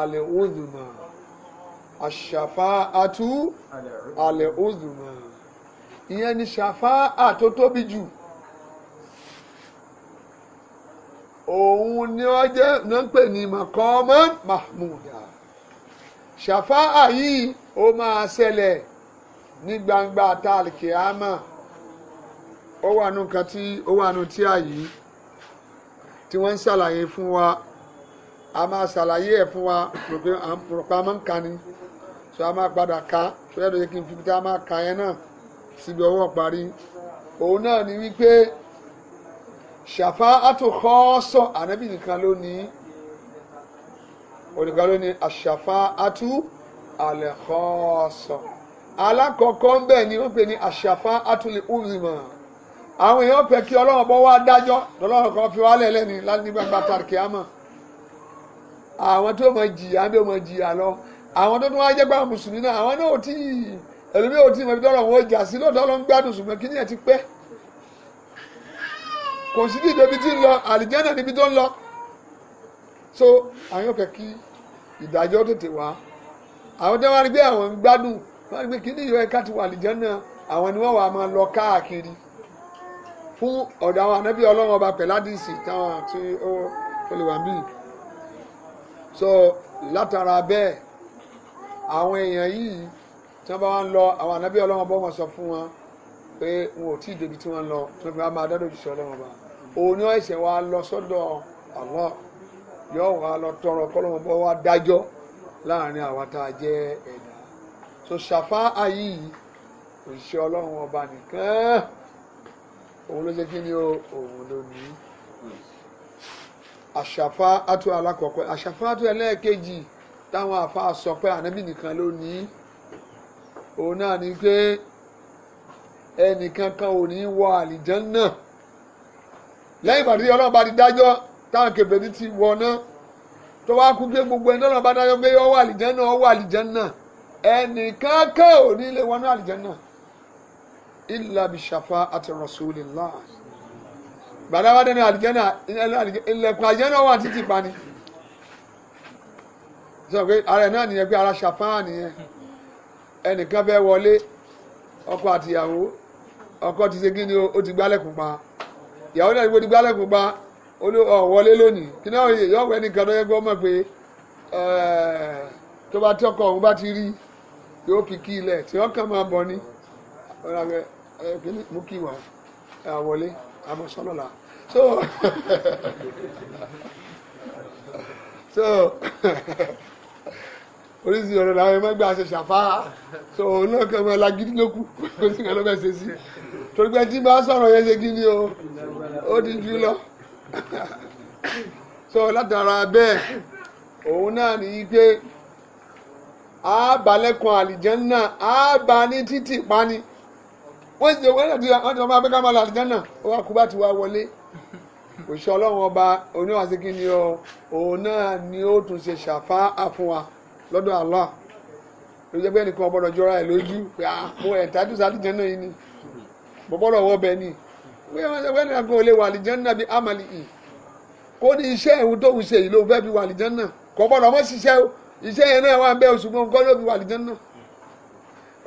alẹ́ òdùnmá àṣàfà àtú alẹ́ òdùnmá ìyẹn ni ṣàfà àtótóbi jù. òun ni wọ́n jẹ́ náà pè ní mọ̀kọ́mọ́ mahmuda ṣàfáà yìí ó máa ṣẹlẹ̀ ní gbangba tálkì àmà ó wà nù kan tí ó wà nù tí a yìí tí wọ́n ń ṣàlàyé fún wa a máa ṣàlàyé ẹ̀ fún wa rògbòpá máa ń kani tó a máa padà ká tó yẹ kí n fi tá a máa ka yẹn náà síbi ọwọ́ parí òun náà ni wípé ṣàfà àtòkọ́ sọ ànábì nìkan ló ní onìkan ló ní àṣàfà àtú àlẹ́kọ́ alákọ̀ọ́kọ́ ń bẹ̀ ni wọ́n pè ní àṣàfà àtúlẹ̀ ùzìmọ̀ àwọn èèyàn pẹ̀ kí ọlọ́run bọ́ wá dájọ́ lọ́lọ́run kan fi wá lẹ́lẹ́ ní láti gbàgbà tàrkì àmọ́ àwọn tó mọ jìyà tó mọ jìyà lọ àwọn tó tún wá jẹ́ pé àwọn mùsùlùmí náà àwọn náà ò tí ẹlòmíì ò tí mọ ibi tọ́lọ̀ wọn ò jà sí lóòótọ́ ló gbádùn ṣùgbọ́n kí ni ẹ ti pẹ́ kò sí ní ìdẹ́bi tí ń lọ àlìjẹ́nà níbi tó ń lọ so àwọn kẹ̀ kí ìdájọ́ tètè wá àwọn tó wá rí pé àwọn ń gbádùn wọ́n rí pé kí ní ìyọ̀ ẹ̀ka ti wà àlìjẹ́nà àwọn ni wọ́n wà máa lọ káàkiri fún ọ̀dọ̀ àwọn anábì ọlọ́run ọba pẹ̀ládìsì táwọn àti ó lè wà mí so látara bẹ́ẹ̀ àwọn èèyàn yìí tí wọ́n bá wá ń lọ àwọn anábì ọlọ́run ọba wọn sọ fún wọn pé wọn ò tí ì débi tí wọ́n lọ tí wọ́n fi wá máa dádò jù sọ ọlọ́run ọba òun ni wọ́n wa lọ sọ́dọ̀ Allah yóò wa lọ tọrọ kọ́lọ́mọ bọ́ wá dájọ́ láàrin àwa tá a jẹ́ ẹ̀dá so ṣàfá ayé yìí òṣìṣẹ́ ọlọ́run ọba nìkan òun ló ṣe kí ni òun ló ní àṣàfá àtú alákọ̀ọ́kọ́ àṣàfá àtú ẹlẹ́ẹ̀kejì táwọn àfa sọ pé ànábì nìkan ló ní òun náà ni pé ẹnìkan kan ò ní wọ àlìjànnà náà lẹ́yìn ìgbà tí ọlọ́run bá ti dájọ́ táwọn kèfèrí ti wọ̀ náà tó wá kú pé gbogbo ẹni tọ́lọ́run bá dájọ́ pé ó wà àlìjánnà ó wà àlìjánnà ẹnìkan kẹ́ ò ní lè wọnú àlìjánnà illa bi shafa'ati rasulillah gbàdá wá dẹnu àlìjánnà ilẹ̀kùn àlìjánnà wà títì pani sọ pé ara ẹ̀ náà nìyẹn pé ara ṣàfáà nìyẹn ẹnìkan fẹ́ wọlé ọkọ àtìyàwó ọkọ ti ṣe kí ni o ti gbálẹ̀kùn pa. ìyàwó náà gbé gbálẹ̀ kó pa ọ̀wọ́lé lónìí kí náà yọ wẹ́ nìkan tó yẹ mọ̀ pé tó bá tọkọ òun bá ti rí yóò fi ilẹ̀ tí wọ́n kàn máa bọ̀ ni mú kí wà wọlé so. oríṣi ọ̀rọ̀ làwọn ẹ̀mọ́ gbà ṣe so òun náà kẹ́ ọmọ lagidi ló kù kó sì kàn lọ́bẹ̀ ṣe sí torí pé tí bá sọ̀rọ̀ yẹn ṣe kí ni o ó ti jù lọ so látara bẹ́ẹ̀ òun náà ní í pé àbálẹ́kùn a àbá ní títì pani wọ́n ti wọ́n ti wọ́n ti wọ́n máa bẹ́ ká máa lọ àlìjẹ́nnà ó wà kú bá ti wá wọlé òṣìṣẹ́ ọlọ́run ọba oníwàsíkí ni o òun náà ni ó tún ṣe ṣàfà á wa lọ́dọ̀ Allah ló jẹ́ pé ẹnìkan ọgbọ́dọ̀ jọra ẹ̀ lójú pé àpò ah, ẹ̀ńtájú sálìjẹ́ náà yìí ni bọ́bọ́dọ̀ wọ́ bẹ́ẹ̀ ni pé wọ́n ṣe wẹ́nìkan kò lè wà àlìjẹ́ náà bí amali ì kó ní iṣẹ́ ìwú tó ń ṣe yìí ló fẹ́ fi wà àlìjẹ́ náà kò gbọ́dọ̀ mọ́ ṣiṣẹ́ iṣẹ́ yẹn náà wà ń bẹ́ oṣù kan kọ́ ló fi wà àlìjẹ́ náà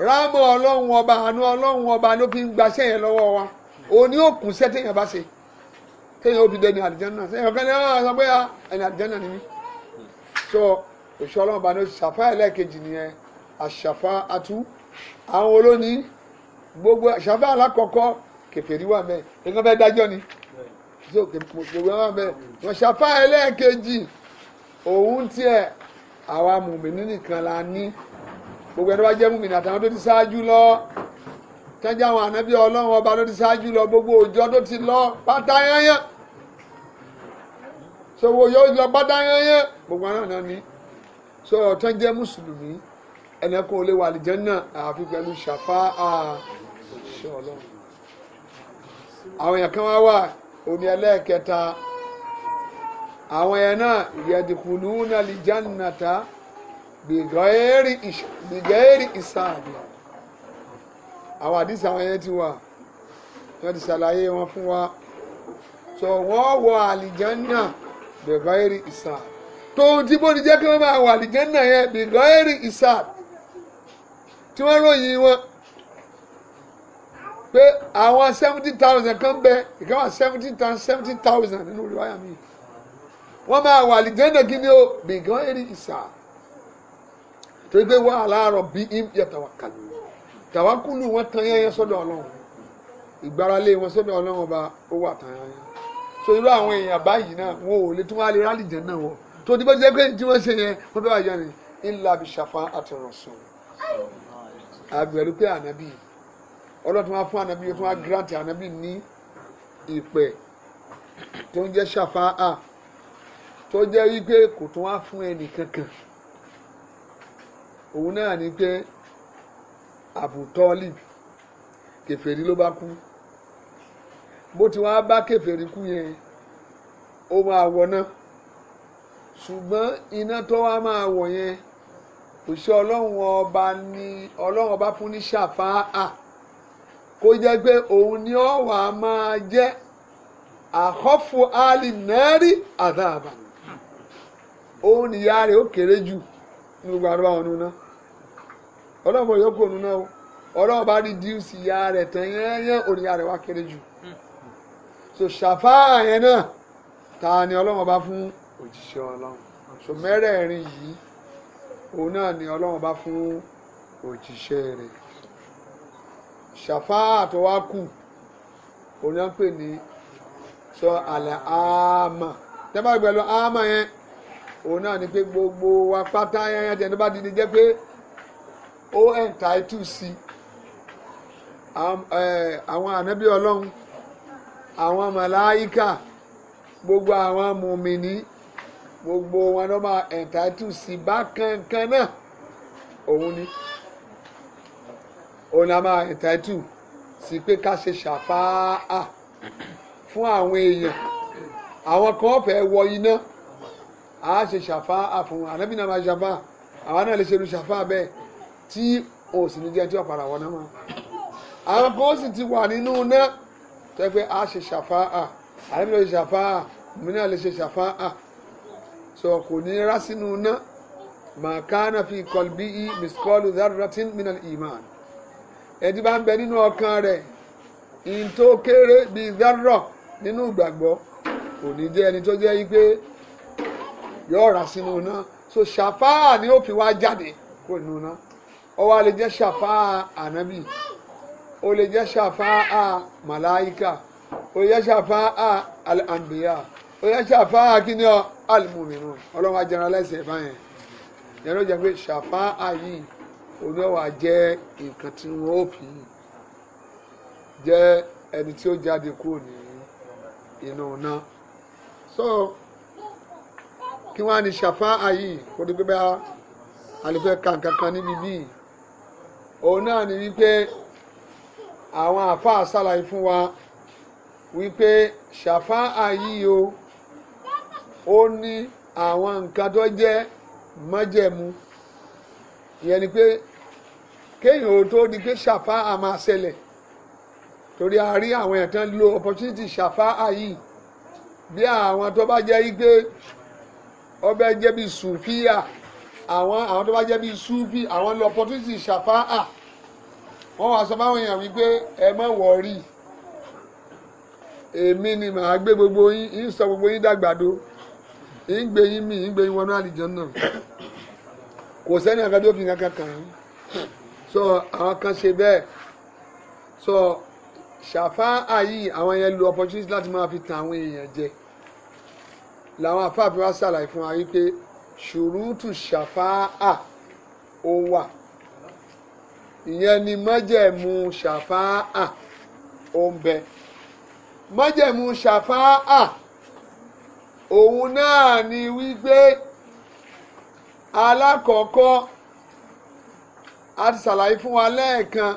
rámọ̀ ọlọ́run ọba àánú ọlọ́run ọba ló fi ń gbaṣẹ́ yẹn lọ́wọ́ wa òní òkun ṣẹ́ téèyàn bá ṣe téèyàn ó fi dẹni àlìjẹ́ náà ṣé òṣìṣẹ́ ọlọ́run bá ní oṣù ṣàfá ẹlẹ́ẹ̀kejì nìyẹn àṣàfá atú àwọn olóní gbogbo ṣàfá alákọ̀ọ́kọ́ kèfèrí wà mẹ́ ẹ̀gbọ́n fẹ́ dájọ́ ni kèfèrí wà mẹ́ wọ́n ṣàfá ẹlẹ́ẹ̀kejì òun tiẹ̀ àwa mùmìnì nìkan la ní gbogbo ẹni wá jẹ́ mùmìnì àtàwọn tó ti ṣáájú lọ tẹ́jà àwọn ànábì ọlọ́run ọba ló ti ṣáájú lọ gbogbo òjò tó ti lọ pátá yányán ṣòwò yóò lọ pátá yányán gbogbo àwọn náà ní so ọ̀tán jẹ́ mùsùlùmí ẹnìkan ò lè wà àlìjẹ́nà àfi pẹ̀lú ṣàfà òṣìṣẹ́ ọlọ́run àwọn èèyàn kan wá wà omi ẹlẹ́ẹ̀kẹta àwọn èèyàn náà ìyẹ̀dìkùnú náà lè jánàta bìgẹ́rì ìsáàbì àwọn àdìsí àwọn èèyàn ti wà wọ́n ti ṣàlàyé wọn fún wa so wọ́n wọ àlìjẹ́nà bìgẹ́rì ìsáàbì tóun tí bóni jẹ́ kí wọ́n máa wà lìjẹ́ náà yẹn bìgọ́ ẹ̀rì ìsàb tí wọ́n ròyìn wọn pé àwọn seventy thousand kan bẹ ìkàwá seventeen times seventeen thousand nínú olùwáyà mi wọ́n máa wà lìjẹ́ náà kí ni ó bìgọ́ ẹ̀rì ìsàb torí pé wọ́n aláàárọ̀ bí im yàtàwà kàlù tàwákùlù wọn tan yẹn yẹn ọlọ́run ìgbáralé wọn sọ́dọ̀ ọlọ́run ọba ó wà tan yẹn so irú àwọn èèyàn báyìí náà wọn ò lè tún wá lè rálì náà wọ̀ tó ti bá ti jẹ́ pé tí wọ́n ṣe yẹn wọ́n fẹ́ wà yọ ni ńlá bí ṣàfà àti rọ̀sùn àgbẹ̀rù pé ànábì ọlọ́tún wá fún ànábì tó wá grant ànábì ní ìpè tó ń jẹ́ ṣàfà à tó jẹ́ wípé kò tó wá fún ẹnì kankan òun náà ni pé àbùtọ́lì kèfèrí ló bá kú bó ti wá bá kèfèrí kú yẹn ó máa wọ náà ṣùgbọ́n iná tó wá máa wọ̀ yẹn òṣìṣẹ́ ọlọ́run ọba ni ọlọ́run ọba fún ní ṣàfáà kó jẹ́ pé òun ni ó wà máa jẹ́ àkọ́fù alìnẹ́rì àdáàbà òun nìyá rẹ̀ ó kéré jù ní gbogbo àdúrà ọ̀nù náà ọlọ́run ọba yókù ọ̀nù náà ọlọ́run ọba rìdíùsì ìyá rẹ̀ tán yẹ́nyẹ́ òníyá rẹ̀ wá kéré jù so ṣàfáà yẹn náà ta ni ọlọ́run ọba fún òjíṣẹ́ ọlọ́run so mẹ́rẹ̀ẹ̀rin yìí òun náà ni ọlọ́run bá fún òjíṣẹ́ rẹ̀ ṣàfá àtọwákù òun náà pè ní sọ àlẹ́ àmà tẹ́bà gbẹ̀lú àmà yẹn òun náà ni pé gbogbo wa pátá yẹn tẹ̀ tó bá di ni jẹ́ pé ó entitled sí àwọn ànábì ọlọ́run àwọn màláíkà gbogbo àwọn mùmìnì gbogbo wọn ló máa ẹ̀ńtátù sí bákankan náà òun ni òun la máa ẹ̀ńtátù sí pé ká ṣe ṣàfáà fún àwọn èèyàn àwọn kan fẹ́ wọ iná a ṣe ṣàfáà fún ànábì náà máa ṣàfáà àwọn náà lè ṣe irú ṣàfáà bẹ́ẹ̀ tí òun sì ní jẹ́ tí ọ̀padà wọ̀ náà máa àwọn kan sì ti wà nínú náà tẹ́ pé a ṣe ṣàfáà ànábì náà lè ṣe ṣàfáà mìíràn lè ṣe ṣàfáà so kò ní rá sínú ná màkánà fi kọlbí i miskọlù dharratin minal iman ẹni bá ń bẹ nínú ọkàn rẹ̀ in tó kéré bíi dharra nínú ìgbàgbọ́ kò ní jẹ́ ẹni tó jẹ́ wípé yóò rà sínú ná so ṣàfáà ni ó fi wá jáde kó nínú ná ó wá lè jẹ́ ṣàfáà ànábì ó lè jẹ́ ṣàfáà màláìkà ó lè jẹ́ ṣàfáà al oyè ṣàfà kíni ọ alimuminu ọlọ́run wa generalize ẹ̀ báyẹn yẹn ló jẹ́ pé ṣàfà ayé oníwà jẹ́ nǹkan tí wọ́n ó fi jẹ́ ẹni tí ó jáde kúrò ní inú náà so kí wọ́n á ní ṣàfà ayé kó ní pípẹ́ alùpẹ́ kankankan níbi bíi òun náà ni wípé àwọn àfa àṣàlàyé fún wa wípé ṣàfà ayé o ó ní àwọn nǹkan tó jẹ́ májẹ̀mú ìyẹn ni pé kéèyàn ò tó di pé ṣàfá a máa ṣẹlẹ̀ torí a rí àwọn ẹ̀tàn lo opportunity ṣàfá àyè bí àwọn tó bá jẹ́ wípé ọbẹ̀ jẹ́ bí sùfíà àwọn àwọn tó bá jẹ́ bí sùfí àwọn lo opportunity ṣàfá a wọ́n wá sọ fáwọn èèyàn wípé ẹ má wọ̀ọ́rì èmi ni màá gbé gbogbo yín yín sọ gbogbo yín dàgbàdo ìgbẹ̀yìn mi ìgbẹ̀yìn wọnú àlìjànnà kò sẹ́ni àgbàdo òfin kankan kàn so àwọn kan ṣe bẹ́ẹ̀ so ṣàfá àyí àwọn yẹn lu opportunity láti máa fi tan àwọn èèyàn jẹ làwọn afáàfin wa ṣàlàyé fún wa wípé ṣùrùtù ṣàfá à ó wà ìyẹn ni májẹ̀mú ṣàfá à ó ń bẹ májẹ̀mú ṣàfá à òun náà ni wípé alákọ̀ọ́kọ́ a ti ṣàlàyé fún wa lẹ́ẹ̀kan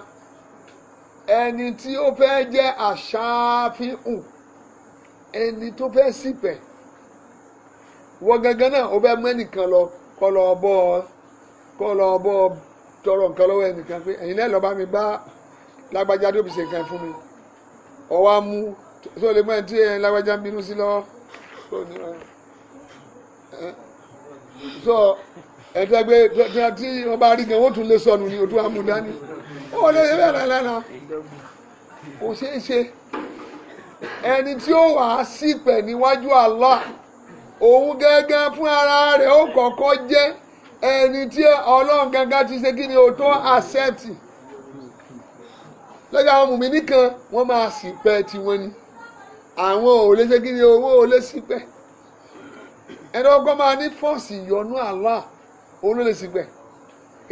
ẹni tí ó fẹ́ jẹ́ àṣàfihàn ẹni tó fẹ́ sípẹ̀ wọ́n gangan náà ó fẹ́ mú ẹnìkan lọ kọ́ lọ bọ́ kọ́ lọ bọ́ tọrọ nǹkan lọ́wọ́ ẹnìkan pé ẹ̀yin lẹ́ẹ̀ lọ́ba mi bá lágbájá tó fi ṣe nǹkan fún mi ọwọ́ á tó lè mọ ẹni tí ẹ̀yin lágbájá ń bínú sí lọ́wọ́ tó ní wọn. sọ ẹ̀dá gbé tí wọ́n bá rí gan wọ́n tún lè sọnù ní ojú amúdání ó lè ṣe bẹ́ẹ̀ lánàá kò ṣeé ṣe ẹni tí ó wà á sí pẹ̀ níwájú Allah òun gángan fún ara rẹ̀ ó kọ́kọ́ jẹ́ ẹni tí ọlọ́run gángan ti ṣe kí ni o tó accept lọ́jà àwọn mùmí nìkan wọ́n máa sì pẹ́ tiwọn ni àwọn ò lè ṣe kí ni owó ò lè sígbẹ̀ ẹni ọgbọ́n máa ní fọ́ọ̀sì ìyọnú Allah òun ló lè sígbẹ̀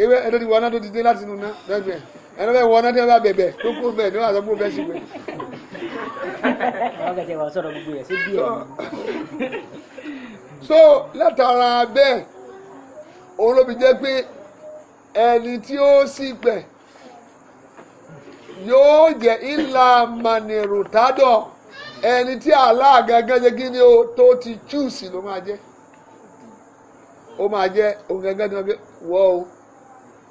ewé ẹni tó ti wọ ọ́nà tó ti dé láti inú náà lẹ́gbẹ̀ẹ́ ẹni bẹ́ẹ̀ wọ ọ́nà tó bá bẹ̀bẹ̀ tó kó bẹ̀ ní wàá sọ pé ó fẹ́ sígbẹ̀. so látara bẹ́ẹ̀ òun ló fi jẹ́ pé ẹni tí ó sígbẹ̀ yóò jẹ́ ìlà mànìrùtádọ̀. ẹni tí Allah gangan ni o tó ti chúùsì ló máa jẹ ó máa jẹ òun gangan ti máa gbé o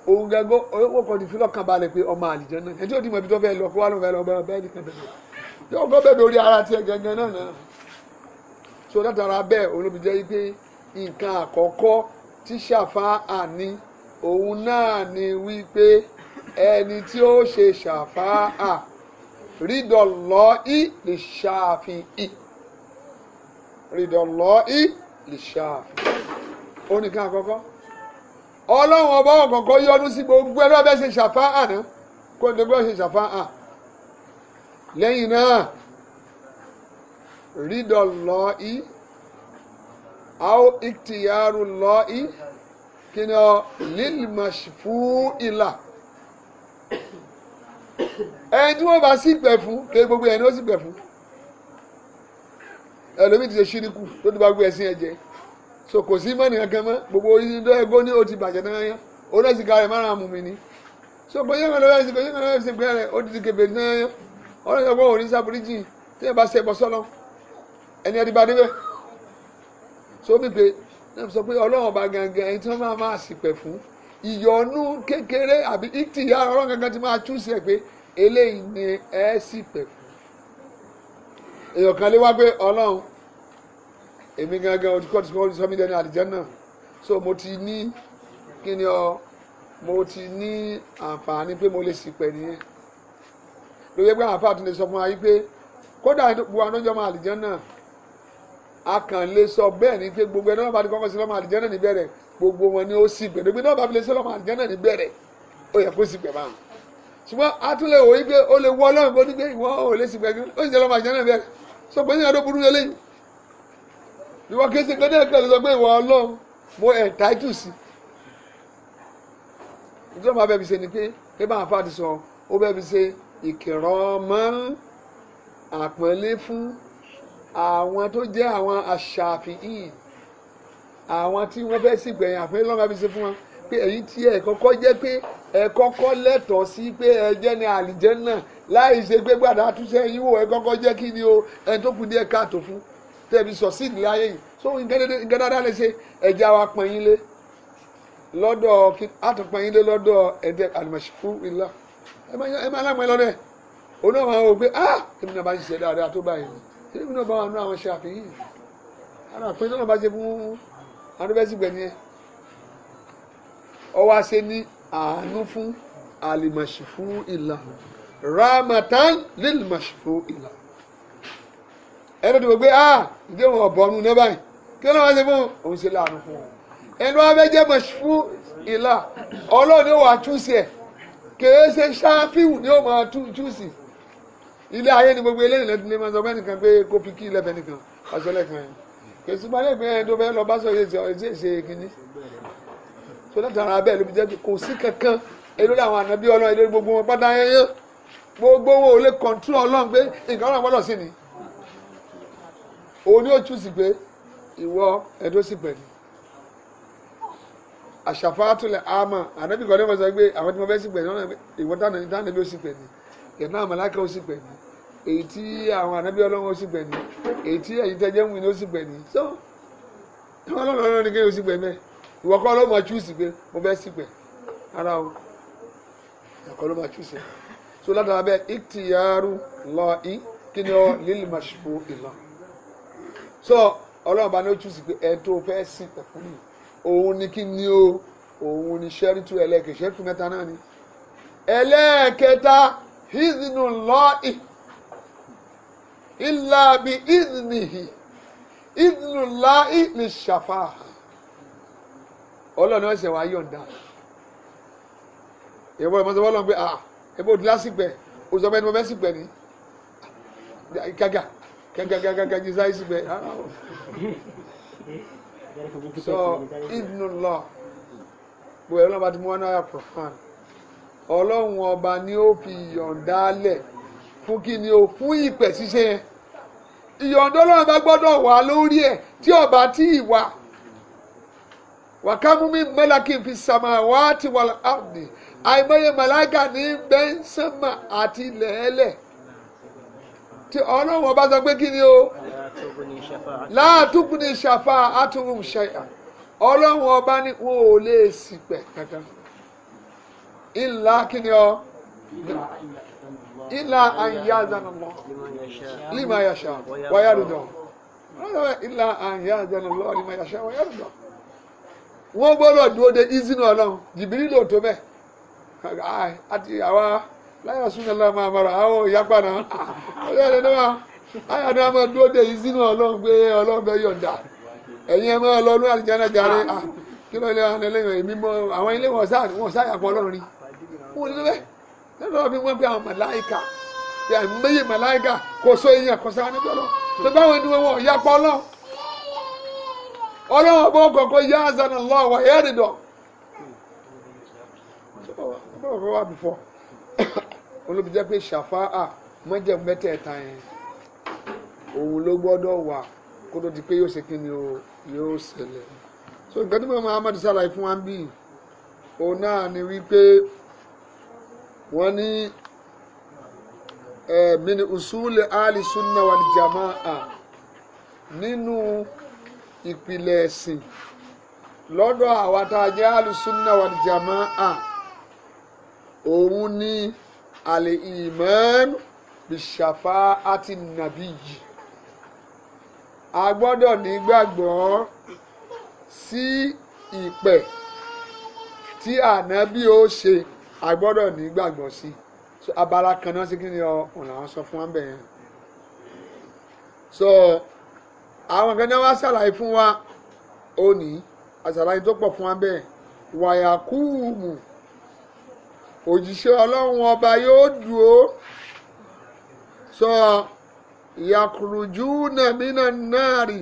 òun gangan owó kan ọmọ àlìjẹ́ náà ẹni tí ó ti mọ̀ ibi tó fẹ́ lọ kó wà lóun lọ nìkan so látara pé nǹkan àkọ́kọ́ tí ṣàfà àní òun náà ni wípé ẹni tí ó ṣe rídọ̀ lọ́ í lè ṣáàfi í rídọ̀ lọ́ í lè ṣáàfi. ó ní ká àkọ́kọ́ ọlọ́run ọba ọ̀kọ̀ọ̀kan yọnu sí gbogbo ẹ̀rọ bẹ́ẹ̀ ṣe ṣàfá àná kó ní bẹ́ẹ̀ ṣe ṣàfá à lẹ́yìn náà rídọ̀ lọ́ í àwọn ìtìyàrú lọ́ í kí ni ọ lílì màṣífù ìlà ẹni tí wọ́n bá sí pẹ̀ fún kí gbogbo ẹni ó sì pẹ̀ fún ẹlòmíì ti ṣe ṣíríkù tó ti bá gbé ẹsìn ẹ jẹ so kò sí mọ́ni kankan mọ́ gbogbo onídọ́ ẹgbó ní o ti bàjẹ́ náà yán onẹ́sìn ká rẹ̀ má ra mú mi ni so kò yẹ kàn lọ́wọ́ ẹ̀sìn kò yẹ kàn lọ́wọ́ ẹ̀sìn pé rẹ̀ ó ti ti kébè náà yán ọ̀rọ̀ ìjọba òní sábúríjì tí ẹ bá ṣe ẹbọ sọ́lọ́ ẹni ẹ ti bá débẹ̀ so mi pé náà sọ pé ọlọ́run bá gangan ẹni tí wọ́n máa máa sì pẹ̀ fún ìyọnu kékeré àbí ìtìyà ọlọ́run gangan ti máa tú sí ẹ pé eléyìí ni ẹ sì pẹ̀ fún èèyàn kan lé wá pé ọlọ́run èmi gangan olùkọ́ tí wọ́n sọ mí lẹ́nu àdìjẹ́ náà so mo ti ní kí ni ọ mo ti ní àǹfààní pé mo lè sì pẹ̀ nìyẹn ló yẹ pé àwọn àfáà tún lè sọ fún wa yìí pé kódà gbogbo àwọn ọjọ́ máa àdìjẹ́ náà a kàn lè sọ bẹ́ẹ̀ ni pé gbogbo ẹni wọn bá ti kọ́kọ́ sí lọ́mọ àdìjẹ́ náà níbẹ̀rẹ̀ gbogbo wọn ni ó sì pẹ̀ gbogbo ẹni wọn bá fi lè sọ lọ́mọ àdìjẹ́ náà níbẹ̀rẹ̀ ó yẹ kó sì pẹ̀ báwọn ṣùgbọ́n a tún lè wò wípé o lè wọ ọlọ́run bó ní pé ìwọ ò lè sìgbẹ́ kí ó sì jẹ́ lọ́mọ àjẹ́ náà bẹ́ẹ̀ sọ pé nígbà tó burú lélẹ́yìn ìwọ kí ṣe gbẹ́dẹ́ kan ló sọ pé ìwọ ọlọ́run mo ẹ̀ńtáìtù sí i nítorí máa bẹ́ẹ̀ fi ni pé pé bá àfa ti sọ ó bẹ́ẹ̀ fi ṣe ìkìrọ̀ ọmọ àpọ́nlé fún àwọn tó jẹ́ àwọn àṣàfihàn àwọn tí wọ́n fẹ́ sìgbẹ̀yìn àpọ́nlé lọ́mọ ẹ kọ́kọ́ lẹ́tọ̀ọ́ sí pé ẹ jẹ́ ní àlìjẹ́nà láì ṣe pé gbàdá àtúnṣe yín wò ẹ ni o ẹ tó kù díẹ̀ káàtó fún tẹ̀bi sọ sí ìdílé ayé yìí so nǹkan dáadáa lè ṣe ẹja awa pọ̀ lé lọ́dọ̀ àtọ̀pọ̀ yín lé lọ́dọ̀ ẹ̀dẹ̀ àlùmọ̀ṣì fún ilá ẹ máa lámọ̀ ẹ lọ́dọ̀ òun náà máa pé ah èmi náà bá ṣiṣẹ́ dáadáa tó báyìí èmi náà bá wà nú àwọn ṣe àfihàn ara pé àánú fún àlìmọ̀ṣì fún ìlà ramatan lílìmọ̀ṣì fún ìlà ẹni tó gbé a ǹjẹ́ wọn ọ̀bọ̀ ọ̀nù náà báyìí kí ló wá ṣe fún òun ṣe láàánú fún wọn ẹni wọn fẹ́ jẹ́ mọ̀ṣì fún ìlà ọlọ́run ni wàá túnṣe ẹ̀ kèé ṣe ṣáfíù ni ó máa túnṣe ilé ayé ni gbogbo eléyìí lẹ́nu ní máa sọ fẹ́ nìkan kí ilẹ̀ fẹ́ nìkan ọ̀ṣọ́lẹ̀ kan yẹn kèsùpá tó fẹ́ lọ bá sọ yé ṣe kínní so látara bẹ́ẹ̀ ló fi jẹ́ pé kò sí kankan elórí àwọn ànábí ọlọ́run elórí gbogbo wọn pátá yẹn gbogbo wọn ò lè kọ̀ǹtúrò ọlọ́run pé nǹkan ọlọ́run gbọ́dọ̀ sí ni òun ni ó tú sí pé ìwọ ẹ̀dọ́ sì pẹ̀lú àṣàfàtúlẹ̀ àmọ́ ànábì kan ní wọ́n sọ pé àwọn tí wọ́n fẹ́ sì pẹ̀lú ìwọ dáná ní dáná bí ó sì pẹ̀lú ìyẹn náà mọ̀láka ó sì pẹ̀lú èyí tí àwọn ànábì ọlọ́run ó sì pẹ̀lú èyí tí ẹ̀yin tẹ́jẹ́ ń wí ni ó sì pẹ̀lú so ọlọ́run ọlọ́run ni kí ó sì pẹ̀lú ìwọ kọ́ ló máa chúùsì pé mo fẹ́ sípẹ̀ ara o ìwọ kọ́ ló máa chúùsì so ládàá bẹ́ẹ̀ ìtìyàrú lọ í kí ni ọ lílì máa ṣubú ìlà so ọlọ́run bá ní ó chúùsì pé ẹ tó fẹ́ sípẹ̀ fún òun ni kí ni o òun ni ṣẹ́rìtú ẹlẹ́ẹ̀kẹ́ ṣẹ́rìtú mẹ́ta náà ni ẹlẹ́ẹ̀kẹta ìdìnnú lọ í ìlà bí ìdìnnìhì ìdìnnú lá í ní ṣàfàhà ọlọ́ni ọ̀sẹ̀ wa yọ̀ǹda ìwọ ìmọ̀ sọ wọ́n pé ah ebe òdi lásìgbẹ̀ òsọ pé ẹni mo fẹ́ sìgbẹ̀ ni gàgà gàgàgàgà jìsà ìsìgbẹ̀ so ibnu lọ bóyá ọlọ́run bá ti mú wọn náà profan ọlọ́run ọba ni ó fi yọ̀ǹda lẹ̀ fún kí ni o fún ìpè ṣíṣe yẹn ìyọ̀ǹda ọlọ́run bá gbọ́dọ̀ wà lórí ẹ̀ tí ọba tí ì wà wàkàmúmi mẹ́làkì fi sàmà wàátì wàlà àrùnì àìmọye màláìkà ní bẹ́ńsánmà àti lẹ́ẹ̀lẹ̀ tí ọlọ́run ọba sọ pé kí ni o láàtúkù ní ṣàfà àtúwò ṣẹyà ọlọ́run ọba ní wọn ò lè sìpẹ̀ kankan ìlà kí ni ọ ìlà àyàzánàlọ lima yàṣà wáyà lùdọ̀ ìlà àyàzánàlọ lima yàṣà wáyà lùdọ̀. wọ́n gbọ́dọ̀ dúró de ìzínú ọlọ́run jìbìrì lò tó bẹ́ẹ̀ àti àwa láyà súnmọ́ lọ́wọ́ máa mọ̀rọ̀ àwọn ìyapa náà ọjọ́ ìdè náà láyà náà máa dúró de ìzínú ọlọ́run pé ọlọ́run bẹ́ẹ̀ yọ̀ǹda ẹ̀yin ẹ̀ máa lọ ní àlìjáná kí ló lè èmi mọ àwọn ilé wọn sáà wọn sáà wọn lè mi bí àwọn bí àwọn kò so kò sáà lọ ọlọ́run ọba kọ̀ọ̀kọ́ yá azan allah wà yá dídọ̀ ọlọ́run ọba bìfọ́ olóbi jẹ́ pé ṣàfá à mọ́jẹ̀mú mẹ́tẹ̀ẹ̀ta yẹn òun ló gbọ́dọ̀ wà kó tó di pé yóò ṣe kí ni o yóò ṣẹlẹ̀ so nǹkan tí mo máa Muhammad ṣàlàyé fún wa ń bì òun náà ni wípé wọ́n ní eh, min usuli ali sunna wal jamaa nínú ìpìlẹ̀ ẹ̀sìn lọ́dọ̀ àwa tá a jẹ́ alùsùnà wal jàmáà òun ni àlè ìmán bìṣàfà àti nàbíyì a gbọ́dọ̀ nígbàgbọ́ sí ìpè tí ànábì ó ṣe a gbọ́dọ̀ nígbàgbọ́ sí abala kan náà sí kí ni ọ̀nà àwọn sọ fún wa bẹ̀yẹn so àwọn kan náà wá ṣàlàyé fún wa òní àṣàlàyé tó pọ̀ fún wa bẹ́ẹ̀ wàyàkùmù òjíṣẹ́ ọlọ́run ọba yóò dúró sọ ìyàkùrùjú nàmínà náà rì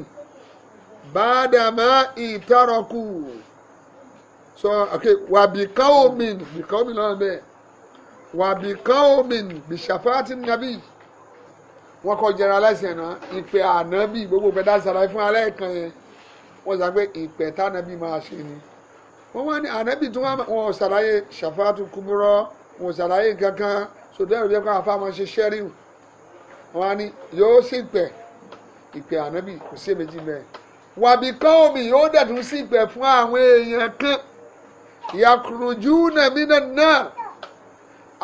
bàdàmà ìtàrọkù sọ wàbíkà omin bìkà omin lọ́nà bẹ́ẹ̀ wàbíkà omin bìṣàfàtì wọ́n kọ́ generalize ẹ̀ náà ìpè ànábì gbogbo pẹ̀tà sàlàyé fún alẹ́ kan yẹn wọ́n sọ pé ìpè tànábì máa ṣe ni wọ́n wá ní ànábì tí wọ́n sàlàyé ṣàfàtú kúmúrọ́ wọ́n sàlàyé kankan sòdẹ́rù bí wọ́n afá máa ṣe ṣẹ́rìn wọ́n á ní yóò sì pẹ̀ ìpè ànábì kò sí èméjì mẹ́ẹ̀ wàbí kọ́ọ̀mì yóò dẹ̀tún sí ìpè fún àwọn èèyàn kan ìyàkùrùjú nàmínà náà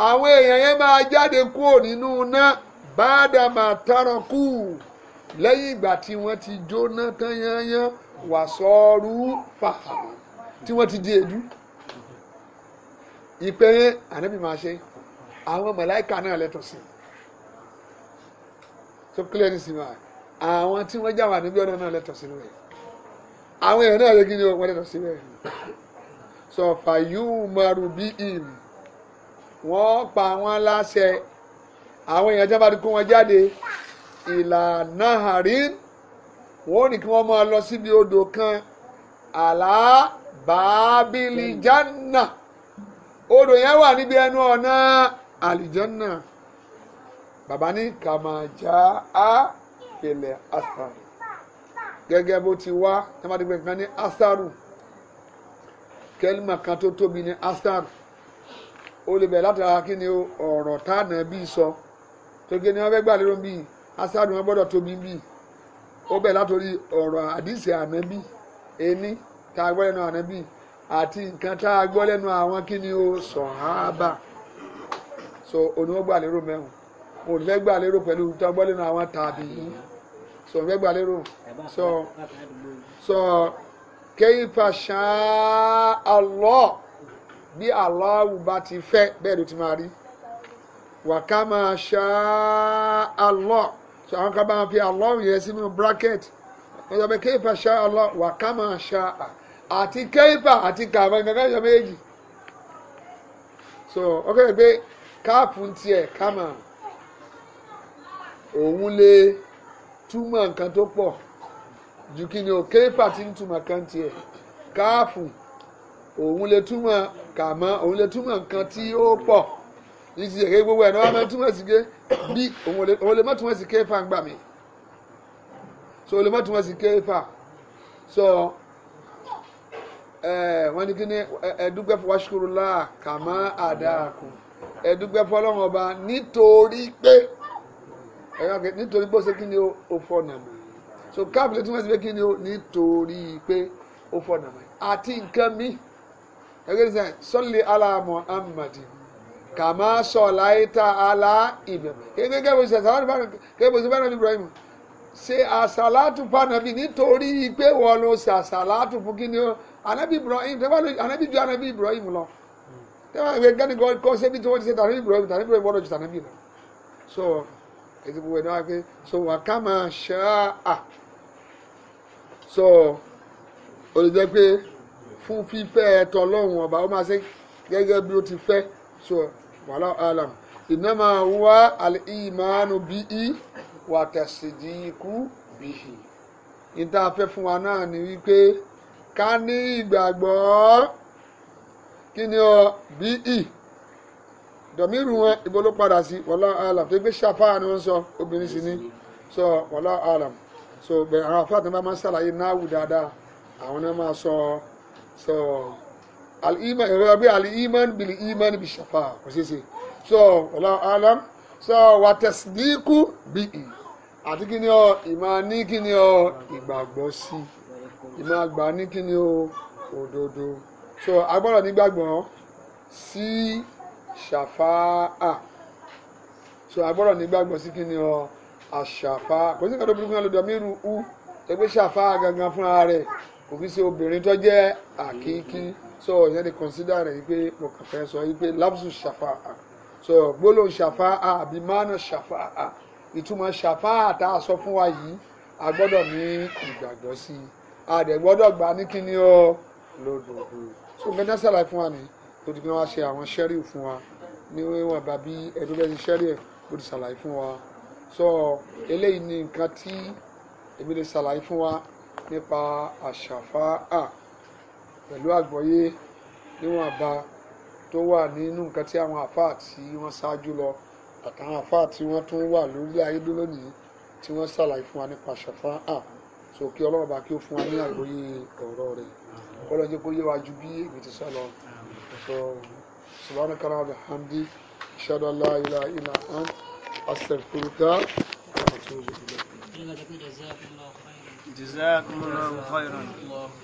àwọn èèyàn yẹn máa jáde kúrò nínú náà báàdàmà tárọkù lẹ́yìn ìgbà tí wọ́n ti jóná tán yányán wà sọ́ọ́rù fàhà tí wọ́n ti di èédú ìpè ànábì máa ṣe àwọn màláíkà náà lẹ́tọ̀ sí tó kílẹ̀ ní sinmi àwọn tí wọ́n jáwọ́ ànábì ọ̀nà náà lẹ́tọ̀ sí lóye àwọn èèyàn náà lè kí ni lẹ́tọ̀ sí lóye sọ fàyùmọ̀rù bí im wọ́n pa wọ́n láṣẹ àwọn èèyàn jẹ́ bá ti kó wọn jáde ìlànà harin wọ́n ní kí wọ́n máa lọ síbi odò kan àlàbàbílì jánà odò yẹn wà níbi ẹnu ọ̀nà àlìjánà bàbá ní kàmájà á pèlẹ̀ asaru gẹ́gẹ́ bó ti wá ẹ má ti gbẹ̀ kan ní asaru kẹ́límà kan tó tóbi ní asaru ó lè bẹ̀ látara kí ni ọ̀rọ̀ tá bí sọ. So tóge ni wọ́n fẹ́ gbà lérò bíi asadu wọn gbọ́dọ̀ tóbi bíi ó bẹ̀ látòrí ọ̀rọ̀ àdìsí ànábì ení tá a gbọ́ lẹ́nu ànábì àti nǹkan tá a gbọ́ àwọn kí ni ó so òní wọ́n gbà lérò mẹ́wọ̀n òní fẹ́ gbà lérò pẹ̀lú gbọ́ lẹ́nu àwọn so òní fẹ́ gbà so ṣáá bí bá ti fẹ́ bẹ́ẹ̀ ló ti máa rí. Wakama ṣá Allah so àwọn kan bá fi Allah yẹn sínú bracket wọ́n sọ pé kéèfà ṣá Allah Wakama ṣá àti kéèfà àti kàmá ìgbàgbọ́ ìṣọ́ méjì so ok pé káàpù tiẹ̀ kàmá òun lè túmọ̀ nǹkan tó pọ̀ jù kí ni o kéèfà ti ń túmọ̀ kan tiẹ̀ káàpù òun lè túmọ̀ kàmá òun lè túmọ̀ nǹkan tí ó pọ̀ ní ti ṣèké gbogbo ẹ̀ ní wọ́n máa túmọ̀ sí ké bí òun lè má túmọ̀ sí kéfà ń gbà mí so òun lè má túmọ̀ sí kéfà so wọ́n ní kí ni ẹ̀ẹ́dúgbẹ́ fún wáṣíkúrúlá kàmá àdáàkù ẹ̀ẹ́dúgbẹ́ fún ọlọ́run ọba nítorí pé nítorí pé ó ṣe kí ni ó fọ̀nà mọ́ so káàpù lè túmọ̀ sí pé kí ni ó nítorí pé ó fọ̀nà mọ́ àti nǹkan mi ẹgbẹ́ sọ́lé aláàmọ̀ amadi kàmá sọ̀lá ìta àlá ìbẹ̀rẹ̀ kéèké kébùsì àsàlátù fún kébùsì fún ànábì Ibrahim ṣe àsàlátù fún ànábì nítorí pé wọ́n lọ ṣe àsàlátù fún kí ni ó ànábì Ibrahim tẹ́wọ́n ànábì ju ànábì Ibrahim lọ tẹ́wọ́n àgbẹ̀ gẹ́ni kọ́ sẹ́bi tí wọ́n ti ṣe tànábì Ibrahim tànábì Ibrahim wọ́n lọ ju tànábì lọ so ìdìbò ẹ̀ náà pé so wà ká máa ṣáà so ó lè jẹ́ pé fún fífẹ́ ẹ̀tọ́ ọlọ́run ọba ó máa ṣe gẹ́gẹ́ bí ó ti fẹ́ so wàhálà alam ìnáma wá alìmánu bí i wàtẹ̀sídìíkú bí i níta fẹ́ fún wa náà ni wípé ká ní ìgbàgbọ́ kí ni ọ bí i dọ̀míru wọn ibo ló padà sí wàhálà alam tó gbé ṣàfà ni wọ́n sọ obìnrin sì ni sọ wàhálà alam so bẹ̀rẹ̀ àwọn afáàtàn bá máa ń ṣàlàyé náà wù dáadáa àwọn náà máa sọ sọ. So, al-iman ìrora bí al-iman bil iman bi shafa kò ṣeé ṣe so wallahu alam so wa tasdiqu bí i àti kí ni ọ ìmọ̀ ní kí ni ọ ìgbàgbọ́ sí ìmọ̀ àgbà ní kí ni ọ òdodo so agbọ́dọ̀ nígbàgbọ́ sí ṣàfà à so agbọ́dọ̀ nígbàgbọ́ sí kí ni ọ àṣàfà kò sí nǹkan tó burúkú náà lọ́dọ̀ mírù u ẹgbẹ́ ṣàfà gangan fúnra rẹ̀ kò kí ṣe obìnrin tó jẹ́ àkíkí so ìyẹn ni consider rẹ̀ wípé mo kàn fẹ́ sọ wípé lapsu ṣàfàà so gbólóhùn ṣàfàà àbí mánà ṣàfàà ìtumọ̀ ṣàfàà tá a sọ fún wa yìí a gbọ́dọ̀ ní ìgbàgbọ́ sí i a dẹ̀ gbọ́dọ̀ gbà ní kíni o lódodo so nǹkan náà ṣàlàyé fún wa ni tó ti fi wá ṣe àwọn ṣẹ́rí fún wa ní wọn bá bí ẹdún bẹ́ẹ̀ ti ṣẹ́rí ẹ̀ bó ti ṣàlàyé fún wa so eléyìí ni nǹkan tí èmi lè ṣàlàyé fún wa nípa àṣàfàà pẹ̀lú àgbọ́yé níwọ̀nba tó wà nínú nǹkan tí àwọn àfáà tí wọ́n ṣáájú lọ àtàwọn àfáà tí wọ́n tún wà lórí ayédè lónìí tí wọ́n ṣàlàyé fún wa nípa ṣẹ̀fá à so kí ọlọ́run bá kí ó fún wa ní àgbọ́yé ọ̀rọ̀ rẹ̀ kọ́lọ́ jẹ́ kó yé wa ju bí èmi ti sọ lọ so subhanaka alhamdi ashhadu an la ilaha illa ant astaghfiruka wa atubu جزاكم الله خيرا